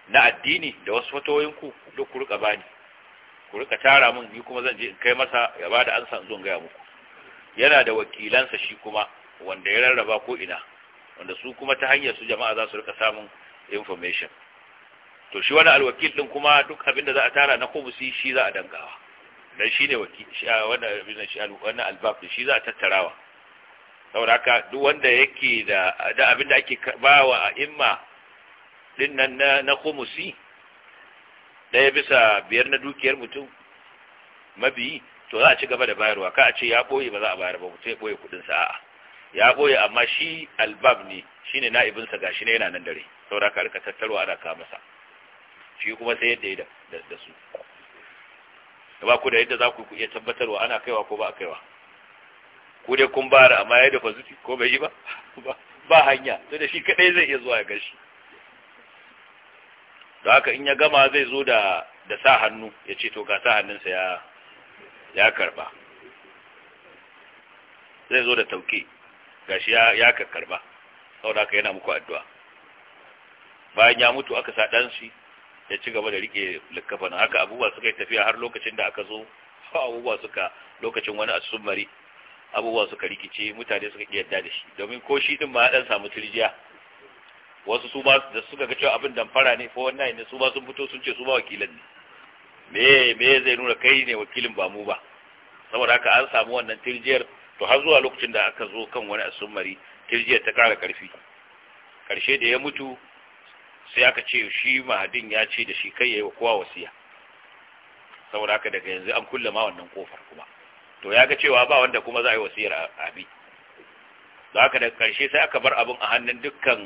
Speaker 2: na addini da wasu fatoyinku duk ku rika bani ku rika tara min ni kuma zan je in kai masa ya bada ansa in zo gaya muku yana da wakilansa shi kuma wanda ya rarraba ko ina wanda su kuma ta hanyar su jama'a za su rika samun information to shi wani alwakil din kuma duk abin da za a tara na kubusi shi za a dangawa dan shi ne wannan albab shi za a tattarawa saboda haka duk wanda yake da da abin da ake bawa a imma din nan na, na kumusi daya bisa biyar na dukiyar mutum mabiyi to za a ci gaba da bayarwa ka a ce ya boye ba za a bayar ba mutum ya boye kudin sa'a ya boye amma shi albab ne shi ne na'ibinsa ga shi ne yana nan dare saboda ka rika tattaro ana kawo masa shi kuma sai yadda ya da su ba ku da yadda za ku iya tabbatarwa ana kaiwa ko ba a kaiwa ku dai kun bara amma ya dafa zuci ko bai yi ba ba hanya sai da shi kadai zai iya zuwa ya gashi da haka in ya gama zai zo da da sa hannu ya ce to ga sa hannunsa ya ya karba zai zo da tauke gashi ya ya kakkarba saboda haka yana muku addu'a bayan ya mutu aka sa dan shi ya ci gaba da rike likkafanin haka abubuwa suka yi tafiya har lokacin da aka zo abubuwa suka lokacin wani mari, abubuwa suka rikice mutane suka ƙi yadda da shi domin ko shi din ma ya dan samu turjiya wasu su ba da suka ga cewa abin damfara ne ko wannan ne su ba sun fito sun ce su ba wakilan ne me me zai nuna kai ne wakilin ba mu ba saboda haka an samu wannan turjiyar. to har zuwa lokacin da aka zo kan wani asumari tirjiyar ta kara karfi karshe da ya mutu sai aka ce shi mahadin ya ce da shi kai yi wa kowa wasiya saboda haka daga yanzu an kulle ma wannan kofar kuma to ya ga cewa ba wanda kuma za a yi wasiyar abi da haka da karshe sai aka bar abin a hannun dukkan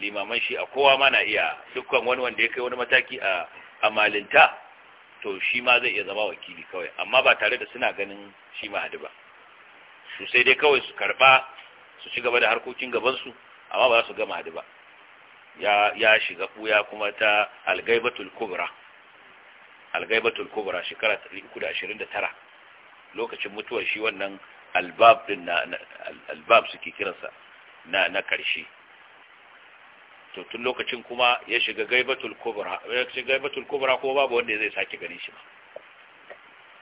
Speaker 2: limaman shi a kowa ma na iya dukkan wani wanda ya kai wani mataki a amalinta to shi ma zai iya zama wakili kawai amma ba tare da suna ganin shi mahadi ba su sai dai kawai su karba su ci gaba da harkokin gabansu amma ba za su gama hadu ba ya ya shiga kuya kuma ta algaibatul kubra algaibatul kubra shekara 329 lokacin mutuwar shi wannan albab din suke kiransa na na karshe to tun lokacin kuma ya shiga gaibatul kubra ya shiga gaibatul kubra ko babu wanda zai sake ganin shi ba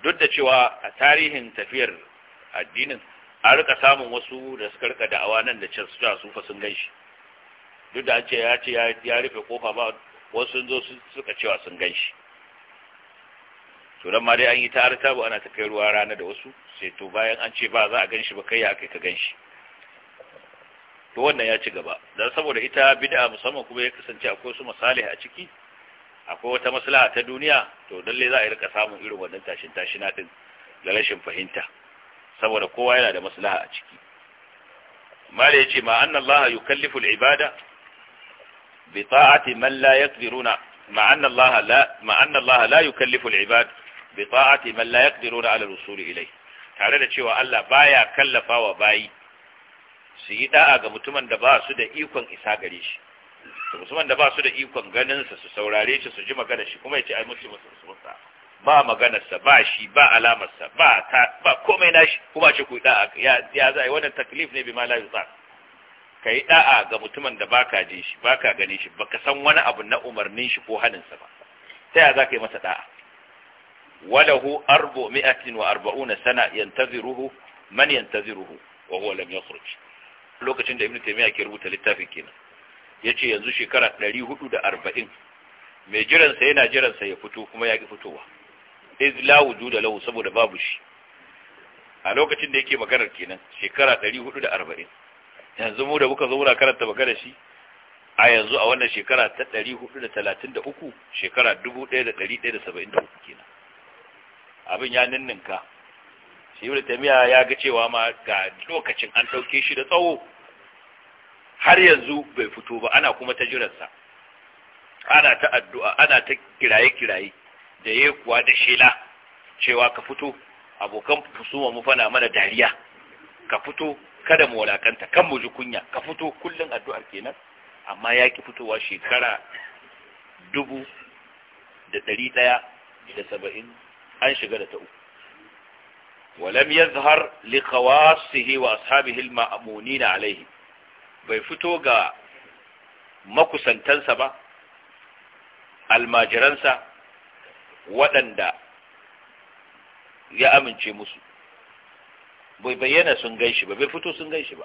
Speaker 2: duk da cewa a tarihin tafiyar addinin a rika samun wasu da suka rika da'awa nan da can su su fa sun ganshi duk da ya ce ya rufe kofa ba wasu sun zo suka cewa sun ganshi to ma dai an yi ta harta ba ana ta kai ruwa rana da wasu sai to bayan an ce ba za a ganshi ba kai ya kai ka ganshi to wannan ya ci gaba dan saboda ita bid'a musamman kuma ya kasance akwai su masalih a ciki akwai wata maslaha ta duniya to lalle za a rika samun irin wannan tashin tashina din da rashin fahimta saboda kowa yana da maslaha a ciki mala yace ma anna Allah yukallifu al-ibada bi ta'ati man la yaqdiruna ma anna Allah la ma anna Allah la yukallifu al-ibad bi ta'ati man la yaqdiruna ala al-wusul tare da cewa Allah baya kallafawa bayi su yi da'a ga mutumin da ba su da ikon isa gare shi mutumin da ba su da ikon ganin sa su saurare shi su ji magana shi kuma ya ce ai mushi musu musu ba maganarsa ba shi ba alamarsa ba ta ba komai nashi kuma ce ku da'a ya ya zai wannan taklif ne bi ma la yusa kai da'a ga mutumin da baka ji shi baka gani shi baka san wani abu na umarnin shi ko hanin ba ta ya zaka yi masa da'a walahu Arbo mi'atin wa arba'una sana yantaziruhu man yantaziruhu wa huwa lam yakhruj lokacin da ibnu taymiya ke rubuta littafin kenan yace yanzu shekara 440 mai jiransa yana jiransa ya fito kuma ya ki fitowa iz la wujuda lahu saboda babu shi a lokacin da yake maganar kenan shekara 440 yanzu mu da muka zo muna karanta magana shi a yanzu a wannan shekara ta 433 shekara 1173 kenan abin ya ninninka shi ibnu tamiya ya ga cewa ma ga lokacin an dauke shi da tsawo har yanzu bai fito ba ana kuma ta jiransa ana ta addu'a ana ta kiraye kiraye da ya kuwa da shela cewa ka fito abokan fusuwa mu fana mana dariya ka fito kada mu walakanta kan mu ji kunya ka fito kullun addu'ar kenan amma ya ki fitowa shekara dubu da ɗari ɗaya da saba'in an shiga da ta'u. ta uku hewa يظهر hilma واصحابه المأمونين alaihi bai fito ga makusantansa ba almajiransa waɗanda ya amince musu bai bayyana sun gan shi ba bai fito sun gan shi ba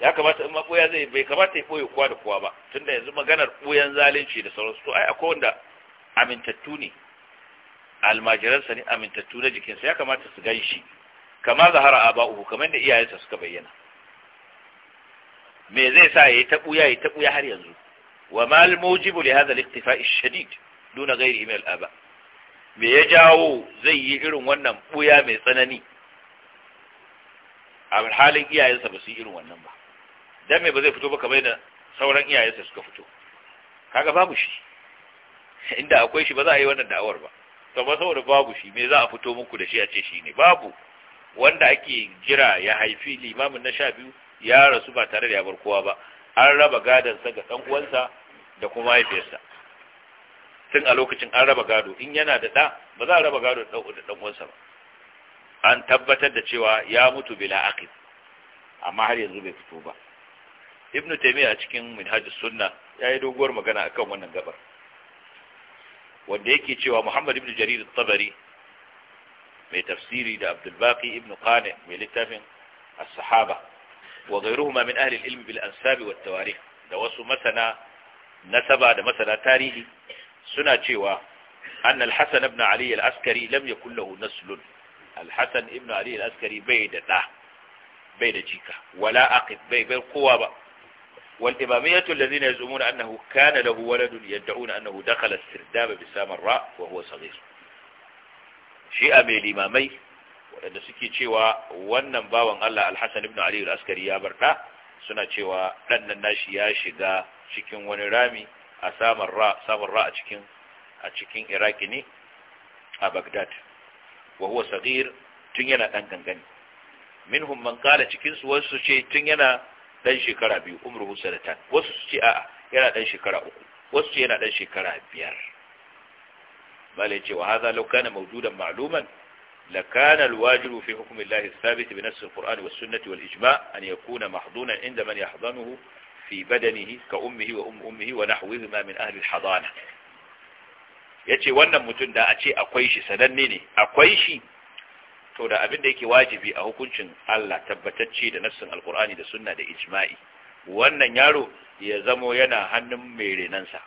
Speaker 2: ya kamata in maɓoya zai bai kamata ya ɓoye kowa da kowa ba tunda yanzu maganar ɓoyan zalunci da sauransu to ai akwai wanda amintattu ne almajiransa ne amintattu na jikinsa ya kamata su gan shi kama zahara a ba'uhu kamar da iyayensa suka bayyana me zai sa ya yi ta ɓuya ya ta ɓuya har yanzu wa mal mujibu li hadha al iktifa ash-shadid duna ghayri imal aba me ya jawo zai yi irin wannan ɓuya mai tsanani a halin iyayensa ba su yi irin wannan ba Don me ba zai fito ba kamar da sauran iyayensa suka fito kaga babu shi inda akwai shi ba za a yi wannan da'awar ba to ba saboda babu shi me za a fito muku da shi a ce shi ne babu wanda ake jira ya haifi limamin na sha biyu ya rasu ba tare da ya bar kowa ba an raba gadonsa ga ɗan uwansa da kuma haifiyarsa. tun a lokacin an raba gado in yana da ɗa ba za a raba gado da ɗanwansa ba an tabbatar da cewa ya mutu bila aqid amma har yanzu bai fito ba Ibnu taymiya a cikin minhajus sunna yayi doguwar magana akan wannan gabar wanda yake cewa muhammad ibn jarir at-tabari mai tafsiri da abdul baqi ibn qani mai littafin as-sahaba wa ghayruhuma min ahli al-ilm bil ansab wa tawarikh da wasu masana nasaba da masana tarihi suna cewa an al ibn ali al-askari lam yakul lahu naslun al-hasan ibn ali al-askari bai da ɗa bai da jika wala aqib bai bai kowa ba wal imamiyatu allazina yazumuna annahu kana lahu waladun yad'una annahu dakhala sirdaba bi samarra wa huwa saghir shi a mai limamai waɗanda suke cewa wannan bawan Allah al ibn ali al-askari ya barda suna cewa ɗannan nashi ya shiga cikin wani rami a samun ra samun ra a cikin a cikin iraki ne a bagdad wa huwa sagir tun yana dan gangani minhum man qala cikin su wasu ce tun yana dan shekara biyu umruhu sanatan wasu su ce a'a yana dan shekara uku wasu ce yana dan shekara biyar malai ce wa hadha law kana mawjudan ma'luman لكان الواجب في حكم الله الثابت بنص القرآن والسنة والإجماع أن يكون محضونا عند من يحضنه في بدنه كأمه وأم أمه ونحوهما من أهل الحضانة yace wannan mutum da a ce akwai shi sananne ne akwai shi to da abin da yake wajibi a hukuncin Allah tabbatacce da nassin alkur'ani da sunna da ijma'i wannan yaro ya zamo yana hannun mai renansa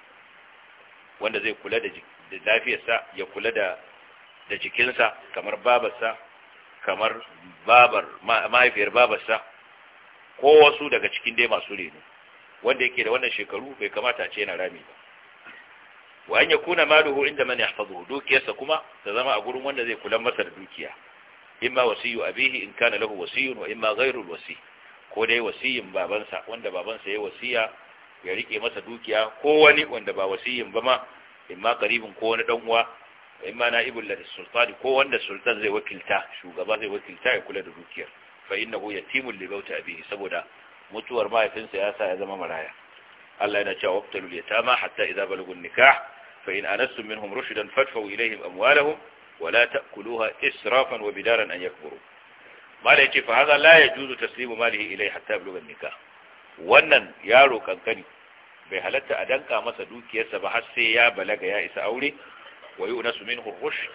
Speaker 2: wanda zai kula da lafiyarsa ya kula da da jikinsa kamar babarsa kamar babar mahaifiyar babarsa ko wasu daga cikin dai masu reno wanda yake da wannan shekaru bai kamata a ce yana rami ba wa an yakuna maluhu inda man yahfazuhu dukiyarsa kuma ta zama a gurin wanda zai kula masa da dukiya imma wasiyu abihi in kana lahu wasiyun wa imma ghayrul wasi ko dai wasiyin babansa wanda babansa ya wasiya ya rike masa dukiya ko wani wanda ba wasiyin ba ma imma qaribin ko wani dan uwa imma na'ibul ladhi sultani ko wanda sultan zai wakilta shugaba zai wakilta ya kula da dukiyar fa innahu yatimun li bauta abihi saboda mutuwar mahaifinsa ya sa ya zama maraya Allah yana cewa waqtalul yatama hatta idza balagun nikah fa in anastum minhum rushdan fadfa'u ilayhim amwalahum wa la ta'kuluha israfan wa bidaran an yakburu mala yace fa hadha la yajuzu taslimu malihi ilayhi hatta yablugha nikah wannan yaro kankani bai halatta a danka masa dukiyarsa ba har sai ya balaga ya isa aure wa yunasu minhu rushd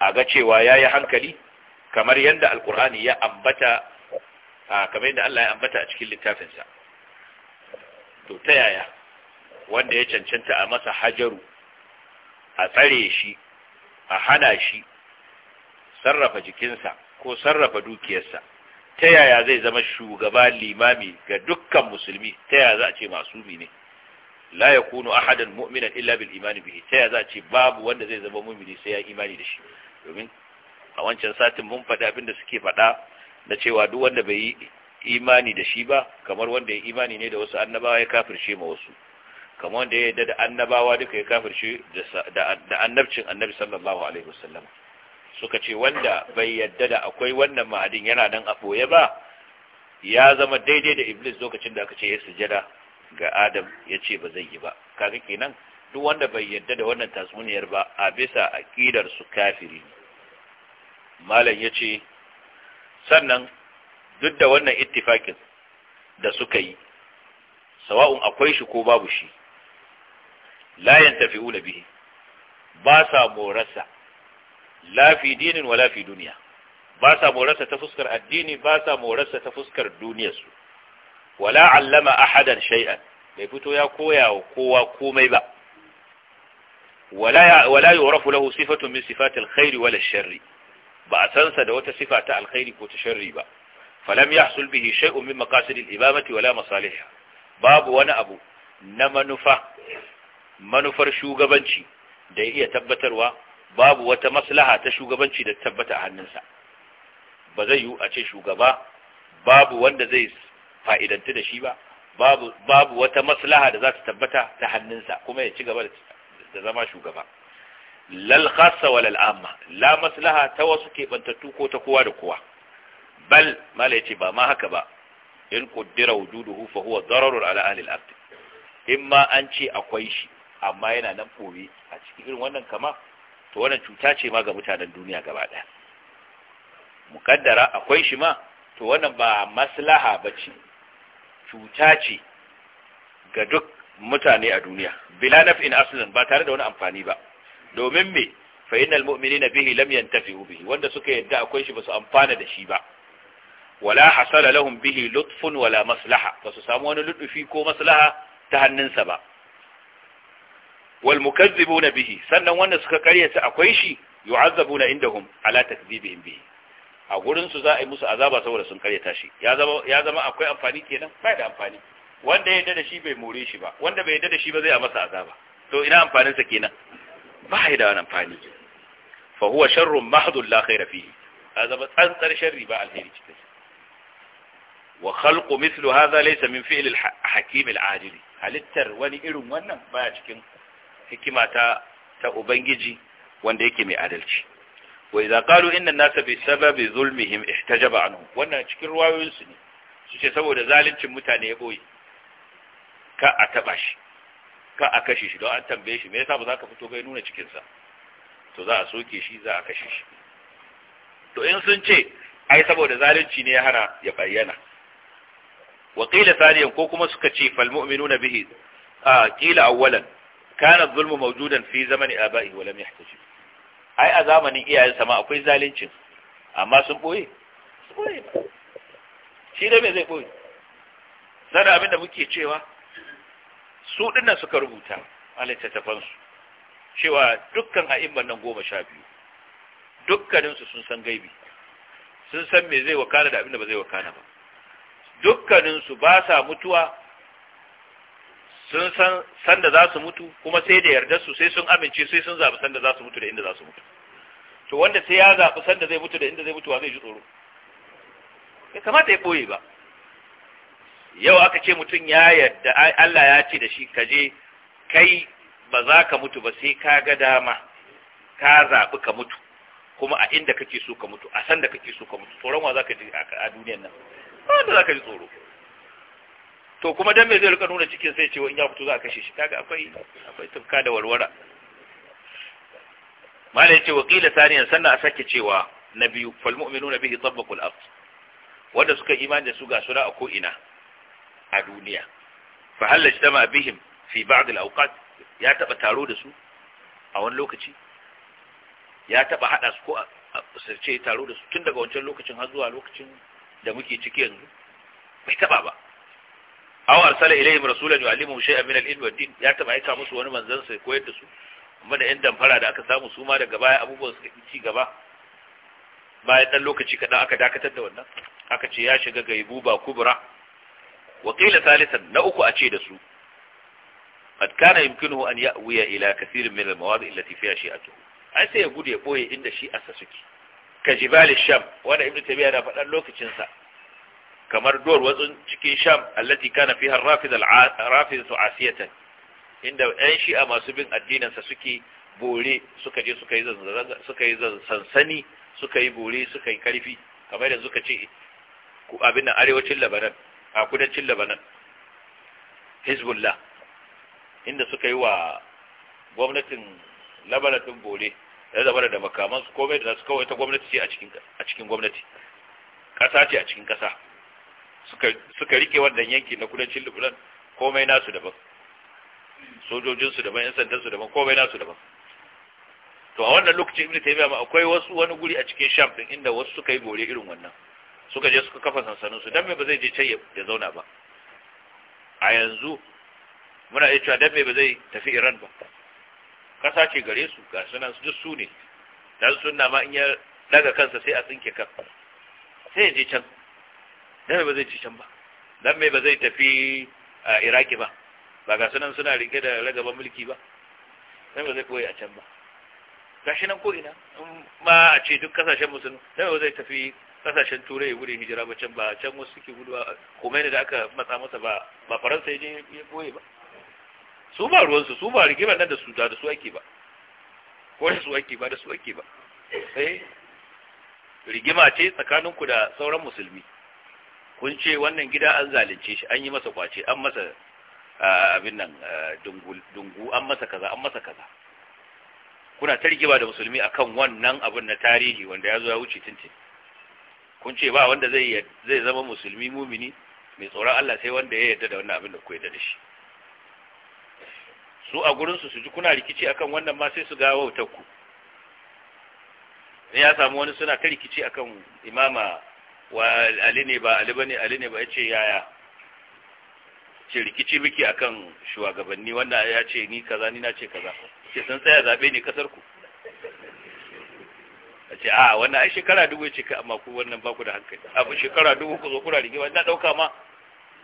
Speaker 3: a ga cewa
Speaker 2: yayi hankali kamar yadda alkur'ani ya ambata kamar yadda Allah ya ambata a cikin littafinsa to ta yaya wanda ya cancanta a masa hajaru a tsare shi a hana shi sarrafa jikinsa ko sarrafa dukiyarsa ta yaya zai zama shugaba limami ga dukkan musulmi ta yaya za a ce masumi ne la yakunu ahadan mu'minan illa bil imani bihi ta yaya za a ce babu wanda zai zama mu'mini sai ya imani da shi domin a wancan satin mun faɗi abin da suke faɗa na cewa duk wanda bai yi imani da shi ba kamar wanda ya imani ne da wasu annabawa ya kafirce ma wasu kamar wanda ya yadda da annabawa duka ya kafirce da annabcin annabi sallallahu alaihi wasallam suka ce wanda bai yadda da akwai wannan ma'adin yana nan a boye ba ya zama daidai da iblis lokacin da aka ce ya sujada ga adam ya ce ba zai yi ba kaga kenan duk wanda bai yadda da wannan tatsuniyar ba a bisa aqidar su kafiri malam yace sannan duk da wannan ittifakin da suka yi sawa'un akwai shi ko babu shi la yantafi'una bihi ba sa morarsa la dinin wa fi duniya ba sa morarsa ta fuskar addini ba sa morarsa ta fuskar duniyarsu wala allama ahadan shay'an bai fito ya koya wa kowa komai ba wala wala yurafu lahu sifatun min sifatil khairi wala sharri ba a sansa da wata sifa ta alkhairi ko ta sharri ba falam yahsul bihi shay'un min maqasid ibamati wala masalihha babu wani abu na manufa manufar shugabanci da ya iya tabbatarwa babu wata maslaha ta shugabanci da tabbata a hannunsa ba zai yi a ce shugaba babu wanda zai fa'idanta da shi ba babu wata maslaha da za ta tabbata ta hannunsa kuma ya ci gaba da zama shugaba
Speaker 4: Lalkasa
Speaker 2: wa Lal'amma la maslaha ta wasu keɓantattu ko ta kowa da kowa bal mala ce ba ma haka ba in quddira wujuduhu fa huwa dararun ala ahli al ard ma an ce akwai shi amma yana nan boye a cikin irin wannan kama to wannan cuta ce ma ga mutanen duniya gaba daya mukaddara akwai shi ma to wannan ba maslaha ba ce cuta ce ga duk mutane a duniya bila naf'in aslin ba tare da wani amfani ba domin me fa innal mu'minina bihi lam yantafi'u bihi wanda suka yadda akwai shi basu amfana da shi ba wala hasala lahum bihi lutfun wala maslaha basu samu wani lutufi ko maslaha ta hannunsa ba wal mukazzibuna bihi sannan wanda suka karya karyata akwai shi yu'azzabuna indahum ala takdhibihim bihi a gurin su za a yi musu azaba saboda sun karyata shi ya zama akwai amfani kenan bai da amfani wanda ya yarda da shi bai more shi ba wanda bai yarda da shi ba zai a masa azaba to ina amfanin sa kenan ba ya da wani amfani fa huwa sharrun mahdun la khaira fihi ya zama tsantsar sharri ba alheri cikin wa khalqu mithlu hadha laysa min fi'l al-hakim al-ajil halittar wani irin wannan baya cikin hikima ta ta ubangiji wanda yake mai adalci wa idza qalu inna an-nasa bi sababi zulmihim ihtajaba anhu wannan cikin ruwayoyin su ne su ce saboda zaluncin mutane ya boye ka a taba shi ka a kashe shi don an tambaye shi me yasa ba za ka fito ga nuna cikinsa to za a soke shi za a kashe shi to in sun ce ai saboda zalunci ne ya hana ya bayyana wa qila thaniyan ko kuma suka ce fal mu'minuna bihi a qila awwalan kana adh-dhulmu mawjudan fi zamani aba'i wa lam yahtajib ai a zamanin iyayen sama akwai zaluncin amma sun boye shi da me zai boye sanin abinda da muke cewa su dinnan suka rubuta a littattafansu cewa dukkan a'imman nan goma sha biyu dukkaninsu sun san gaibi sun san me zai wakana da abin da ba zai wakana ba dukkaninsu ba sa mutuwa sun san sanda za su mutu kuma sai da yardar su sai sun amince sai sun zaɓi sanda za su mutu da inda za su mutu to wanda sai ya zaɓi sanda zai mutu da inda zai mutu wa zai ji tsoro ya kamata ya ɓoye ba yau aka ce mutum ya yadda Allah ya ce da shi kaje kai ba za ka mutu ba sai ka ga dama ka zaɓi ka mutu kuma a inda kake so ka mutu a san da kake so ka mutu tsoron wa za ka ji a duniyan nan wanda za ka ji tsoro to kuma dan me zai rika nuna cikin sai ce in ya fito za a kashe shi kaga akwai akwai tufka da warwara malai ce wakila saniyan sannan a sake cewa na biyu fal mu'minuna bihi tabbaqul ard wanda suka imani da su ga sura a ko ina a duniya fa hal ijtama bihim fi ba'd al-awqat ya taba taro da su a wani lokaci ya taba hada su ko sirce taro da su tun daga wancan lokacin har zuwa lokacin da muke ciki yanzu bai taba ba aw arsala ilayhim rasulan yu'allimuhum shay'an min al-ilm wad-din ya taba aika musu wani manzon sai koyar da su amma da yan damfara da aka samu su ma daga baya abubuwan suka ci gaba bayan dan lokaci kadan aka dakatar da wannan aka ce ya shiga gaibu ba kubra wakila salisan na uku a ce da su qad kana yumkinuhu an ya'wiya ila kathirin min al-mawadi' allati fiha shi'atuhu ai sai ya gudu ya boye inda shi'arsa suke ka jibal sham wanda ibnu tabiya na faɗan lokacin sa kamar duwar watsun cikin sham allati kana fiha ar-rafid al-rafid asiyatan inda ɗan shi'a masu bin addinin sa suke bore suka je suka yi suka yi sansani suka yi bore suka yi karfi kamar da suka ce abin nan arewacin Lebanon a kudancin labanan, Hezbollah inda suka yi wa gwamnatin Lebanon din bore da zama da makaman su komai da su kawai ta gwamnati ce a cikin gwamnati kasa ce a cikin kasa suka rike wannan yanki na kudancin labanan komai nasu daban sojojinsu daban yan sandansu daban komai nasu daban to a wannan lokacin ibn taymiya ma akwai wasu wani guri a cikin sham din inda wasu suka yi bore irin wannan suka je suka kafa sansanin su dan me ba zai je can ya zauna ba a yanzu muna iya cewa dan me ba zai tafi Iran ba kasa ce gare su ga sunan su duk su ne dan sunna ma in ya daga kansa sai a tsinke kan sai ya je can dan me ba zai je can ba dan me ba zai tafi a Iraki ba ba ga sunan suna rike da ragaban mulki ba dan ba zai koyi a can ba gashi nan ko ina ma a ce duk kasashen musulmi dan ba zai tafi kasashen turai wuri hijira ba can ba can wasu suke guduwa komai da aka matsa masa ba ba faransa ya je ya goye ba su ba ruwansu su ba rigima nan da su da su ake ba ko da su ake ba da su ake ba sai eh, rigima ce tsakaninku da sauran musulmi kun ce wannan gida an zalunce shi an yi masa kwace an masa abin nan dungu an masa kaza an masa kaza kuna ta rigima da musulmi akan wannan abin na tarihi wanda ya zo ya wuce tintin kun ce ba wanda zai zai zama musulmi mumini mai tsoron Allah sai wanda ya yarda da wannan abin da ku yarda da shi su a gurin su su ji kuna rikici akan wannan ma sai su ga wautar ku ya samu wani suna ta rikici akan imama wa ali ne ba ali bane ali ne ba yace yaya ce rikici biki akan shugabanni wanda ya ce ni kaza ni na ce kaza ce sun tsaya zabe ne kasar ku a ce a wannan ai shekara dubu ya ce ka amma ku wannan ba ku da hankali abu shekara dubu ku zo kura rigima na ɗauka ma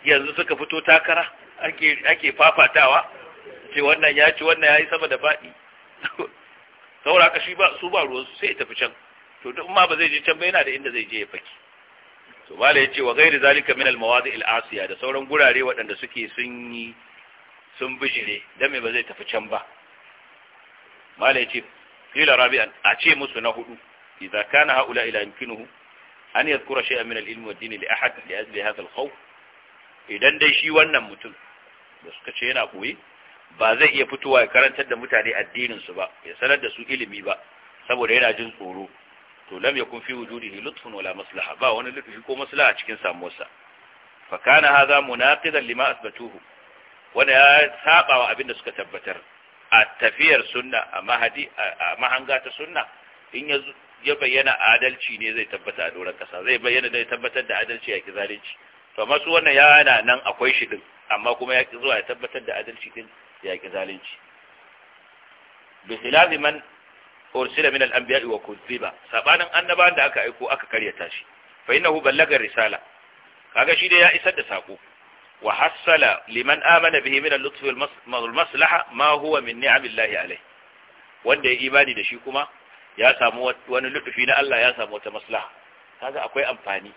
Speaker 2: yanzu suka fito takara ake fafatawa ce wannan ya ci wannan ya yi sama da faɗi saboda haka shi ba su ba ruwan sai ya tafi can to duk ma ba zai je can ba yana da inda zai je ya faki to ya ce wa ghairi zalika min almawadi alasiya al-asiya da sauran gurare waɗanda suke sun yi sun bijire dan me ba zai tafi can ba mala yace qila rabi'an a ce musu na hudu إذا كان هؤلاء لا يمكنه أن يذكر شيئا من العلم والدين لأحد لأجل هذا الخوف idan dai shi wannan mutum da suka yana koyi ba zai iya fitowa ya karantar da mutane su ba ya sanar da su ilimi ba saboda yana jin tsoro to lam yakun fi wujudihi lutfun wala maslaha ba wani lutfi ko maslaha cikin samuwarsa fa kana hadha munaqidan lima asbatuhu wanda ya saba wa abin da suka tabbatar a tafiyar sunna a mahadi a mahanga ta sunna in ya ya bayyana adalci ne zai tabbata a doron kasa zai bayyana da ya tabbatar da adalci ya ki zalunci to masu wannan ya yana nan akwai shi din amma kuma ya zuwa ya tabbatar da adalci din ya ki zalunci bi khilafi man ursila min al-anbiya'i wa kuzziba sabanin annabawan da aka aiko aka karyata shi fa innahu ballaga risala kaga shi da ya isar da sako wa hassala liman amana bihi min al-lutfi wal maslaha ma huwa min ni'amillahi alayhi wanda ya imani da shi kuma ya samu wani lutufi na Allah ya samu wata maslaha kaga akwai amfani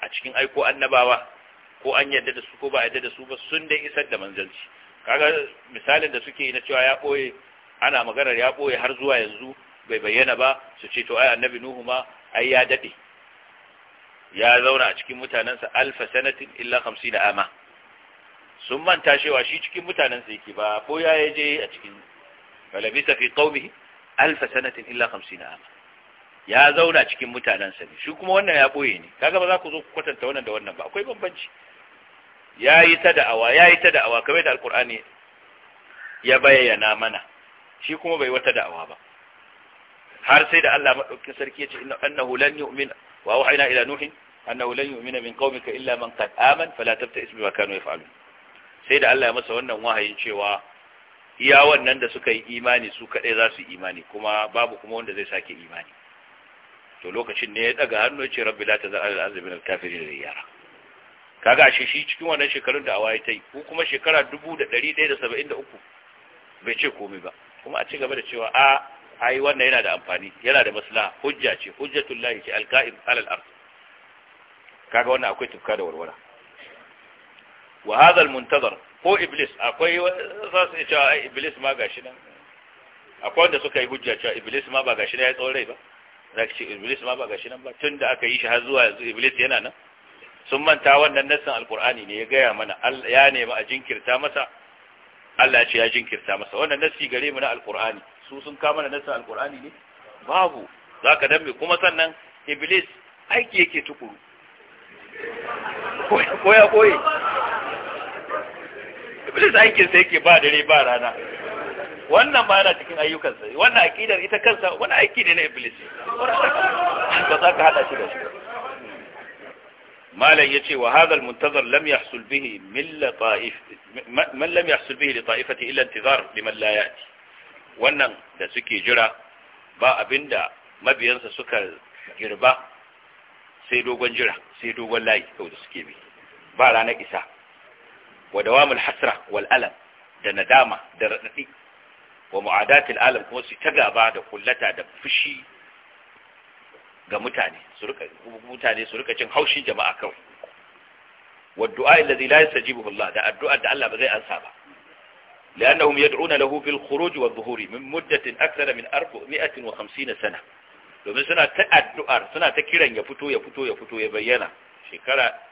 Speaker 2: a cikin aiko annabawa ko an yadda da su ko ba yadda da su ba sun dai isar da manzalci kaga misalin da suke na cewa ya boye ana maganar ya boye har zuwa yanzu bai bayyana ba su ce to ai annabi nuhu ma ai ya dade ya zauna a cikin mutanensa alfa sanatin illa da ama sun manta cewa shi cikin mutanen yake ba boya ya je a cikin falabisa fi qaumihi alfa sanatin illa 50 ama ya zauna cikin mutanen sa shi kuma wannan ya boye ne kaga ba za ku zo ku kwatanta wannan da wannan ba akwai bambanci yayi ta da'awa yayi ta da'awa kamar da alqur'ani ya bayyana mana shi kuma bai wata da'awa ba har sai da Allah madaukakin sarki ya ce annahu lan yu'min wa wahayna ila nuhin annahu lan yu'mina min qaumika illa man qad aman fala tabta'is bima kanu yaf'alun sai da Allah ya masa wannan wahayin cewa iya wannan da suka yi imani su kaɗai za su imani kuma babu kuma wanda zai sake imani to lokacin ne ya daga hannu ya ce rabbi la tazar alal ardi min al-kafirin riyara kaga ashe shi cikin wannan shekarun da awaye tai ko kuma shekara 1173 bai ce komai ba kuma a ci gaba da cewa a ai wannan yana da amfani yana da maslaha hujja ce hujjatul lahi ce al-qa'im alal ard kaga wannan akwai tufka da warwara wa hadha al-muntazar ko iblis akwai za su cewa ai iblis ma gashi nan akwai wanda suka yi hujja cewa iblis ma ba gashi nan ya tsawon rai ba za ka ce iblis ma ba gashi nan ba tun da aka yi shi har zuwa yanzu iblis yana nan sun manta wannan nassin alkur'ani ne ya gaya mana ya nemi a jinkirta masa Allah ce ya jinkirta masa wannan nassi gare mu na alkur'ani su sun kama da nassin alkur'ani ne babu za ka dambe kuma sannan iblis aiki yake tukuru koya koye iblis aikin sa yake ba dare ba rana wannan ba yana cikin ayyukansa sa wannan akidar ita kansa wani aiki ne na iblis
Speaker 4: ba za ka hada shi da shi
Speaker 2: malam yace wa hadha al-muntazar lam yahsul bihi da ta'ifati illa intizar liman la ya'ti wannan da suke jira ba abinda mabiyansa suka girba sai dogon jira sai dogon layi kawai da suke bi ba ranar isa wa dawamul hasra wal alam da nadama da radadi wa mu'adatil alam kuma su ta gaba da kullata da fushi ga mutane su rika mutane su rika cin haushin jama'a kawai wa du'a alladhi la yastajibuhu Allah da addu'a da Allah ba zai ansa ba لأنهم يدعون له بالخروج والظهور من مدة أكثر من 450 سنة domin suna ta addu'ar suna ta kiran ya fito ya fito ya fito ya bayyana shekara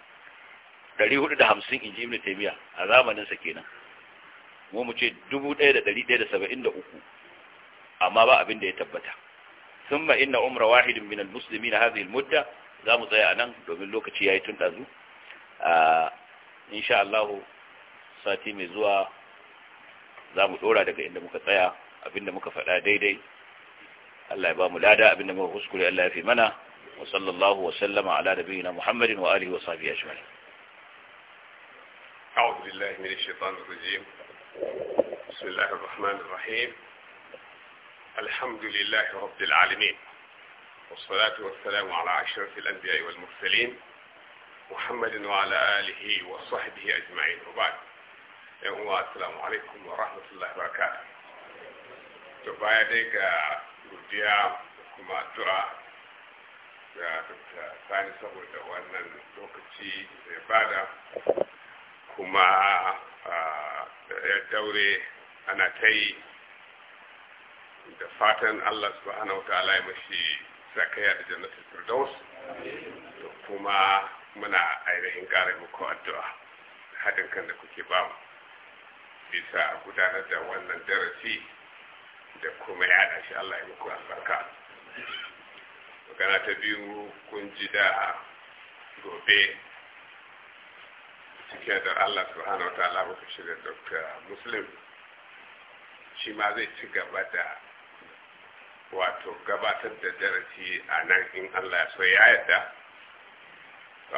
Speaker 2: ɗari hudu da hamsin in ji ibn taimiya a zamaninsa kenan mu mu ce dubu ɗaya da ɗari ɗaya da saba'in da uku amma ba abin da ya tabbata sun ma inna umra wahidin min al-muslimi na hazil mudda za mu tsaya a nan domin lokaci ya yi tun ɗazu insha sati mai zuwa za mu ɗora daga inda muka tsaya abinda muka faɗa daidai Allah ya ba mu lada abinda muka kuskure Allah ya fi mana wa sallallahu wa sallama ala nabiyina Muhammadin wa alihi wa sahbihi ajma'in
Speaker 3: أعوذ بالله من الشيطان الرجيم بسم الله الرحمن الرحيم الحمد لله رب العالمين والصلاة والسلام على أشرف الأنبياء والمرسلين محمد وعلى آله وصحبه أجمعين وبعد يوم السلام عليكم ورحمة الله وبركاته تبايدك ديك godiya kuma ثاني ga وأن Sani بعد kuma ya daure ana ta yi da fatan Allah subhanahu ta'ala ya mashi zakaya da jannatul firdaus da kuma muna ainihin ƙara muku addu'a haɗin kan da kuke ba mu bisa gudanar da wannan darasi da kuma yaɗa shi Allah ya muku albarka magana ta biyu kun ji da gobe cike da Allah subhanahu wataala muka da Dr. Muslim shi ma zai ci gaba da wato gabatar da darasi a nan in Allah ya so ya yadda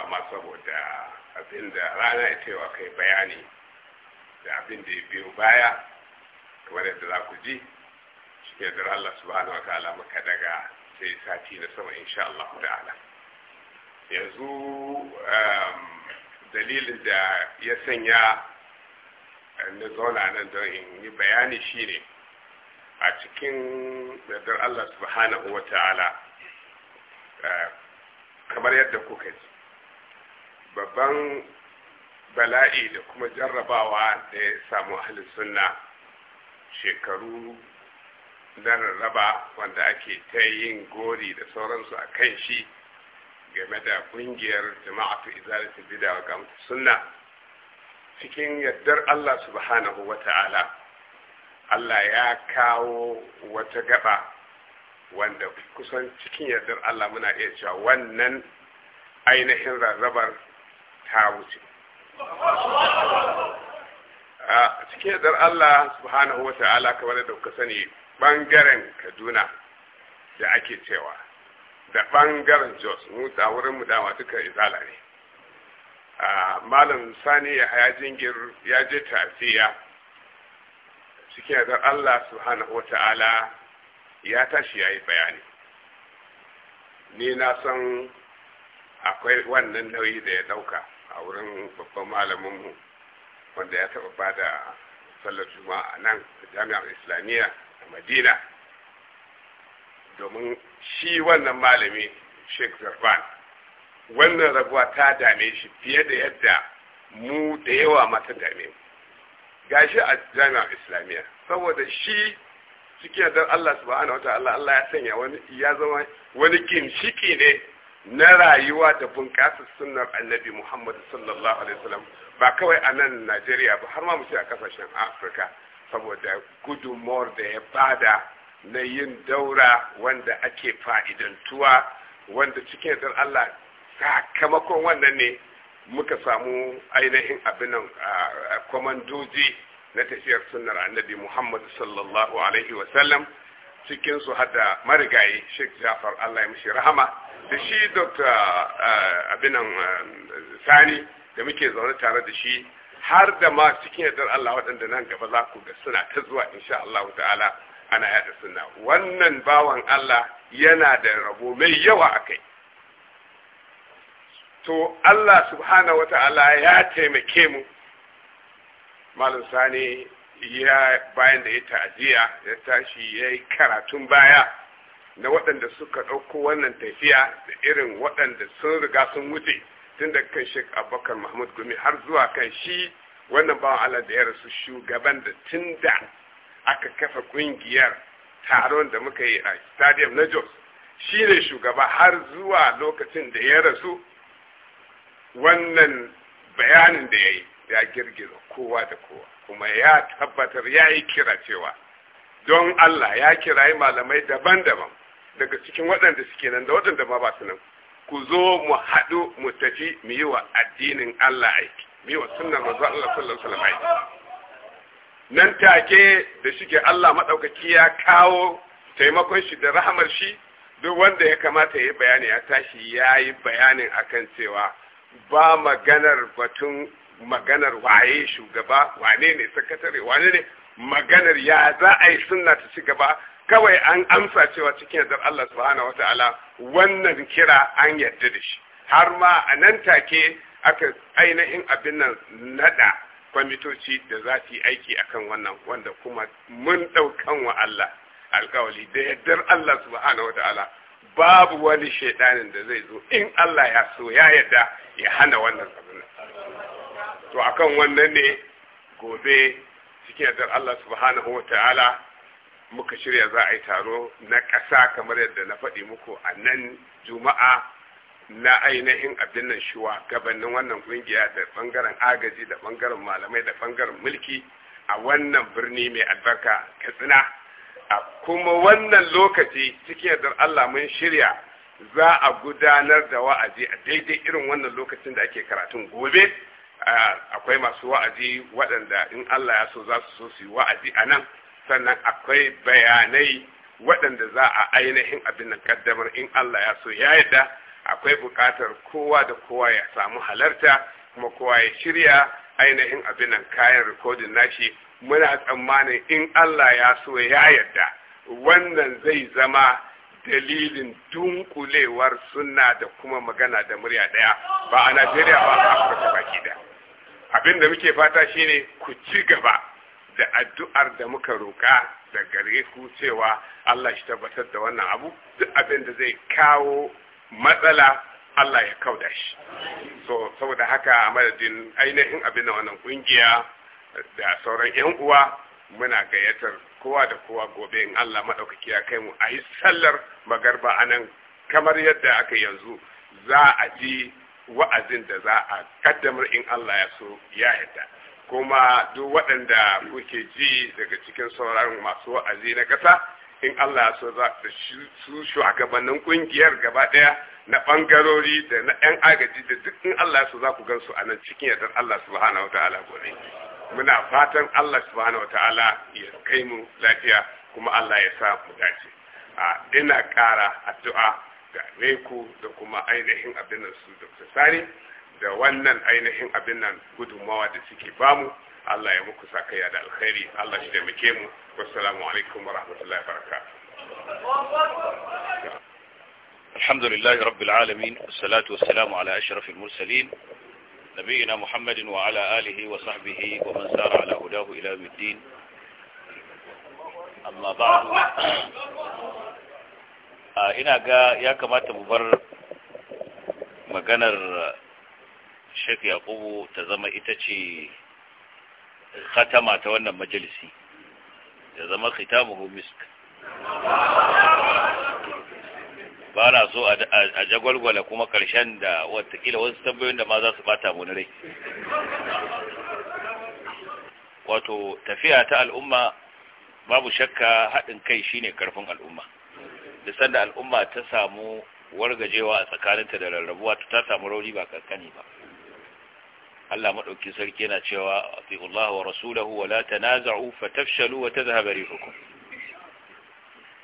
Speaker 3: amma saboda abinda rana ya taiwa kai bayani da abin da ya biyo baya kamar yadda za ku ji shi da Allah subhanahu ta'ala muka daga sai sati na sama insha Allah ta'ala yanzu um, dalilin da ya sanya eh, na zauna nan don in yi bayani shi ne a cikin yardar Allah subhanahu wa ta'ala eh, kamar yadda kuka ji babban bala'i da kuma jarrabawa da ya samu ahalin sunna shekaru na rarraba wanda ake ta yin gori da sauransu a kan shi game da kungiyar jama'atu izalatul bid'a wa qamat sunna cikin yaddar Allah subhanahu wa ta'ala Allah ya kawo wata gaba wanda kusan cikin yaddar Allah muna iya cewa wannan ainihin rarrabar ta wuce a cikin yaddar Allah subhanahu wa ta'ala kamar da kuka sani bangaren Kaduna da ake cewa da ɓangaren jos mu a wurin mu dama duka izala ne A malam sani ya haya jingir ya je tafiya cikin yadda allah subhanahu wa ta'ala ya tashi ya yi bayani ni na san akwai wannan nauyi da ya ɗauka a wurin babban malaminmu wanda ya taɓa bada sallar juma'a nan jami'ar islamiyya a madina domin shi wannan malami sheikh zarfan wannan rabuwa ta dame shi fiye da yadda mu da yawa mata dame ga shi a jami'a islamiyya saboda shi cikin da Allah subhanahu wa ta'ala Allah ya sanya wani ya zama wani ginshiƙi ne na rayuwa da bunƙasa sunnar annabi Muhammad sallallahu alaihi wasallam ba kawai a nan Najeriya ba har ma mu ce a kasashen Afirka saboda gudunmawar da ya bada na yin daura wanda ake fa'idantuwa wanda cikin don Allah sakamakon wannan ne muka samu ainihin abinan kwamandoji na tafiyar sunnar annabi Muhammad sallallahu Alaihi wasallam cikinsu hada marigayi Sheikh Jafar Allah ya mishi rahama da shi Dr. abinan Sani da muke zaune tare da shi har da ma cikin yardar Allah waɗanda nan gaba za ku ga suna ta zuwa insha Allah ta'ala. ana yada sunna wannan bawan Allah yana da rabo mai yawa a kai to Allah subhanahu wata'ala ya taimake mu malam sani ya bayan da ya ta'aziya ya tashi ya yi karatun baya na waɗanda suka ɗauko wannan tafiya da irin waɗanda sun riga sun wuce tun da kan shek abubakar mahmud gumi har zuwa kan shi wannan bawan Allah da ya rasu shugaban da tun aka kafa kungiyar taron da muka yi a stadium na jos shi ne shugaba har zuwa lokacin da ya rasu wannan bayanin da ya yi ya girgiza kowa da kowa kuma ya tabbatar ya yi kira cewa don allah ya yi malamai daban-daban daga cikin waɗanda suke nan da waɗanda ma ba su nan ku zo mu haɗu mu tafi mu yi wa addinin allah aiki mu yi wa sunan allah sallallahu alaihi wasallam aiki nan take da shige Allah maɗaukaki ya kawo taimakon shi da rahamar shi duk wanda ya kamata ya bayani ya tashi ya yi bayanin akan cewa ba maganar batun maganar waye shugaba wane ne sakatare wane ne maganar ya za a yi sunna ta ci gaba kawai an amsa cewa cikin yardar Allah subhanahu wata'ala wannan kira an yarda da shi har ma a nan take aka ainihin abin nan nada kwamitoci da za su yi aiki a kan wannan wanda kuma mun ɗaukan wa Allah alkawali da yardar Allah subhanahu wa ta'ala babu wani shaidanin da zai zo in Allah ya so ya yarda ya hana wannan abin to akan wannan ne gobe cikin yardar Allah subhanahu wa ta'ala muka shirya za a yi taro na ƙasa kamar yadda na faɗi muku a nan juma'a na ainihin abin nan shiwa gabanin wannan kungiya da bangaren agaji da bangaren malamai da bangaren mulki a wannan birni mai albarka katsina a kuma wannan lokaci cikin yardar Allah mun shirya za a gudanar da wa'azi a daidai irin wannan lokacin da ake karatun gobe akwai masu wa'azi waɗanda in Allah ya so za su so su yi wa'azi a nan sannan akwai bayanai waɗanda za a ainihin abin nan kaddamar in Allah ya so ya yadda akwai buƙatar kowa da kowa ya samu halarta kuma kowa ya shirya ainihin abin nan kayan rikodin nashi muna tsammanin in Allah ya so ya yarda wannan zai zama dalilin dunkulewar sunna da kuma magana da murya daya ba a Najeriya ba a Afirka baki da abin da muke fata shine ku ci gaba da addu'ar da muka roka da gare ku cewa Allah shi tabbatar da wannan abu duk abin da zai kawo matsala Allah ya kauda shi so saboda haka a madadin ainihin abin na wannan kungiya da sauran yan uwa muna gayyatar kowa da kowa gobe in Allah maɗaukaki ya kai mu a yi sallar magarba nan kamar yadda aka yanzu za a ji wa'azin da za a kaddamar in Allah ya so ya yadda kuma duk waɗanda kuke ji daga cikin sauraron masu wa'azi na ƙasa in Allah ya so za su shugabannin kungiyar gaba daya na bangarori da na yan agaji da duk in Allah ya so za ku gan su a nan cikin yardar Allah subhanahu ta'ala gobe muna fatan Allah subhanahu ta'ala ya kai mu lafiya kuma Allah ya sa mu dace a ina kara addu'a ga Reku da kuma ainihin abin su Dr. Sari da wannan ainihin abin nan gudunmawa da suke bamu Allah ya muku sakaya da alkhairi Allah shi da muke mu wassalamu alaikum wa rahmatullahi barakatuh
Speaker 2: الحمد لله رب ala والصلاة والسلام على أشرف المرسلين نبينا محمد وعلى آله وصحبه ومن سار ala هداه ila الدين amma ba ah, ina ga ya kamata mu bar maganar Sheikh Yakubu ta zama ita ce khatama ta wannan majalisi ya zama khitamuhu misk ba na so a jagwalgwala kuma karshen da watakila wasu tambayoyin da ma za su bata mu rai wato tafiya ta al'umma babu shakka haɗin kai shine karfin al'umma da sanda al'umma ta samu wargajewa a tsakaninta da rarrabuwa ta samu rauni ba kankani ba Allah maɗauki sarki yana cewa atiullahi wa rasulahu wa la tanaza'u fatafshalu wa tadhhabu rihukum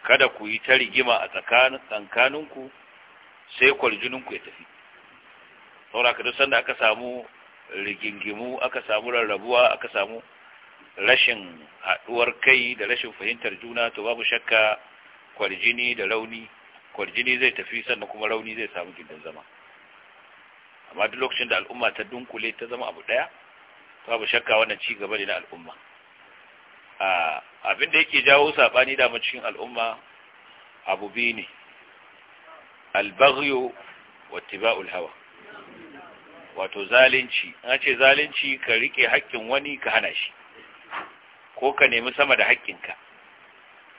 Speaker 2: kada ku yi ta rigima a tsakaninku sai kwaljininku ya tafi sauraka duk sanda aka samu rigingimu aka samu rarrabuwa aka samu rashin haɗuwar kai da rashin fahimtar juna to babu shakka kwarjini da rauni kwarjini zai tafi sannan kuma rauni zai samu gindin zama amma duk lokacin da al'umma ta dunkule ta zama abu daya babu shakka wannan ci gaba ne na al'umma abin da yake jawo sabani da cikin al'umma abu biyu ne albaghyu wa hawa wato zalunci an ce zalunci ka rike haƙƙin wani ka hana shi ko ka nemi sama da haƙƙinka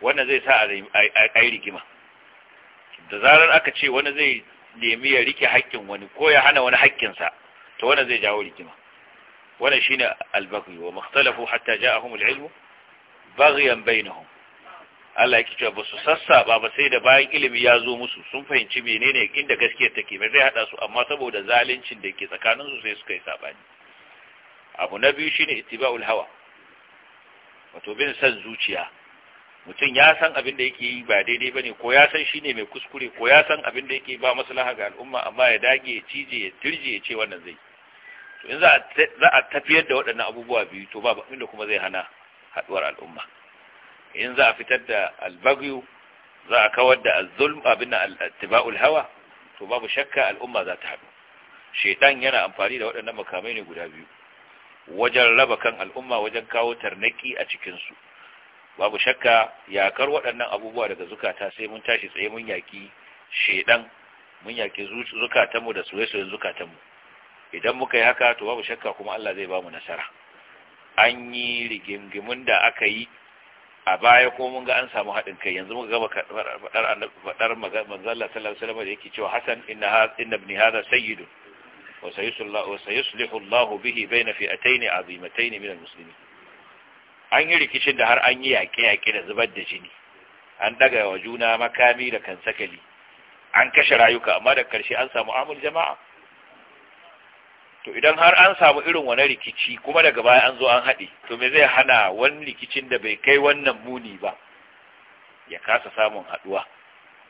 Speaker 2: wannan zai sa a yi rigima da zarar aka ce wani zai nemi ya rike haƙƙin wani ko ya hana wani haƙƙinsa to wannan zai jawo rigima wannan shine al-baghi wa makhtalafu hatta ja'ahum al-ilm baghyan bainahum Allah yake cewa basu sassaba ba sai da bayan ilimi ya zo musu sun fahimci menene inda gaskiya take mai zai hada su amma saboda zaluncin da ke tsakanin su sai suka yi sabani abu na biyu shine ittiba'ul hawa wato bin san zuciya mutum ya san abin da yake yi ba daidai ba ne ko ya san shi ne mai kuskure ko ya san abin da yake ba maslaha ga al'umma amma ya dage ya cije ya tirje ya ce wannan zai to in za a tafiyar da waɗannan abubuwa biyu to ba abin da kuma zai hana haduwar al'umma in za a fitar da albagyu za a kawar da azzulm abin da attiba'ul hawa to babu shakka al'umma za ta haɗu shaitan yana amfani da waɗannan makamai ne guda biyu wajen raba kan al'umma wajen kawo tarnaki a cikin su babu shakka yakar waɗannan abubuwa daga zukata sai mun tashi tsaye mun yaki shedan mun yaki zukatanmu da soyayyen zukatanmu idan muka yi haka to babu shakka kuma Allah zai ba mu nasara an yi rigingimin da aka yi a baya ko mun ga an samu haɗin kai yanzu muka gaba faɗar manzala sallallahu alaihi da yake cewa hasan inna ibn hadha sayyidun wa sayuslihu Allah bihi bayna fi'atayn azimatayn min al-muslimin an yi rikicin da har an yi yaƙe-yaƙe da zubar da jini an daga wa juna makami da kansakali an kashe rayuka amma da ƙarshe an samu amul jama'a to idan har an samu irin wani rikici kuma daga baya an zo an haɗe to me zai hana wani rikicin da bai kai wannan muni ba ya kasa samun haɗuwa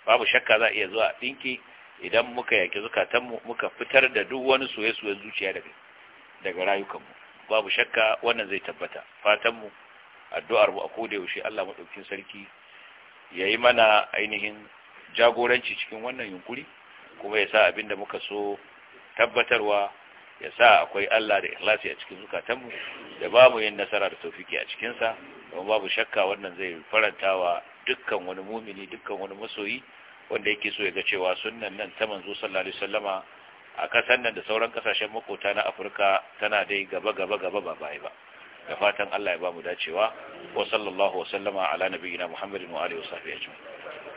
Speaker 2: babu shakka za a iya zuwa ɗinki idan muka yaƙi zukatanmu muka fitar da duk wani soye-soyen zuciya daga rayukanmu babu shakka wannan zai tabbata fatanmu addu'ar mu a koda yaushe Allah madaukakin sarki yayi mana ainihin jagoranci cikin wannan yunkuri kuma yasa sa abinda muka so tabbatarwa yasa akwai Allah da ikhlasi a cikin mu da babu yin nasara da tawfiki a cikinsa don babu shakka wannan zai farantawa dukkan wani mumini dukkan wani masoyi wanda yake so ya ga cewa sunnan nan ta manzo sallallahu alaihi wasallama a kasan nan da sauran kasashen makota na Afirka tana dai gaba gaba gaba ba bai ba da fatan Allah ya ba mu dacewa wa sallallahu wa sallama ala nabiyina Muhammadin wa alihi wa sahbihi
Speaker 4: ajma'in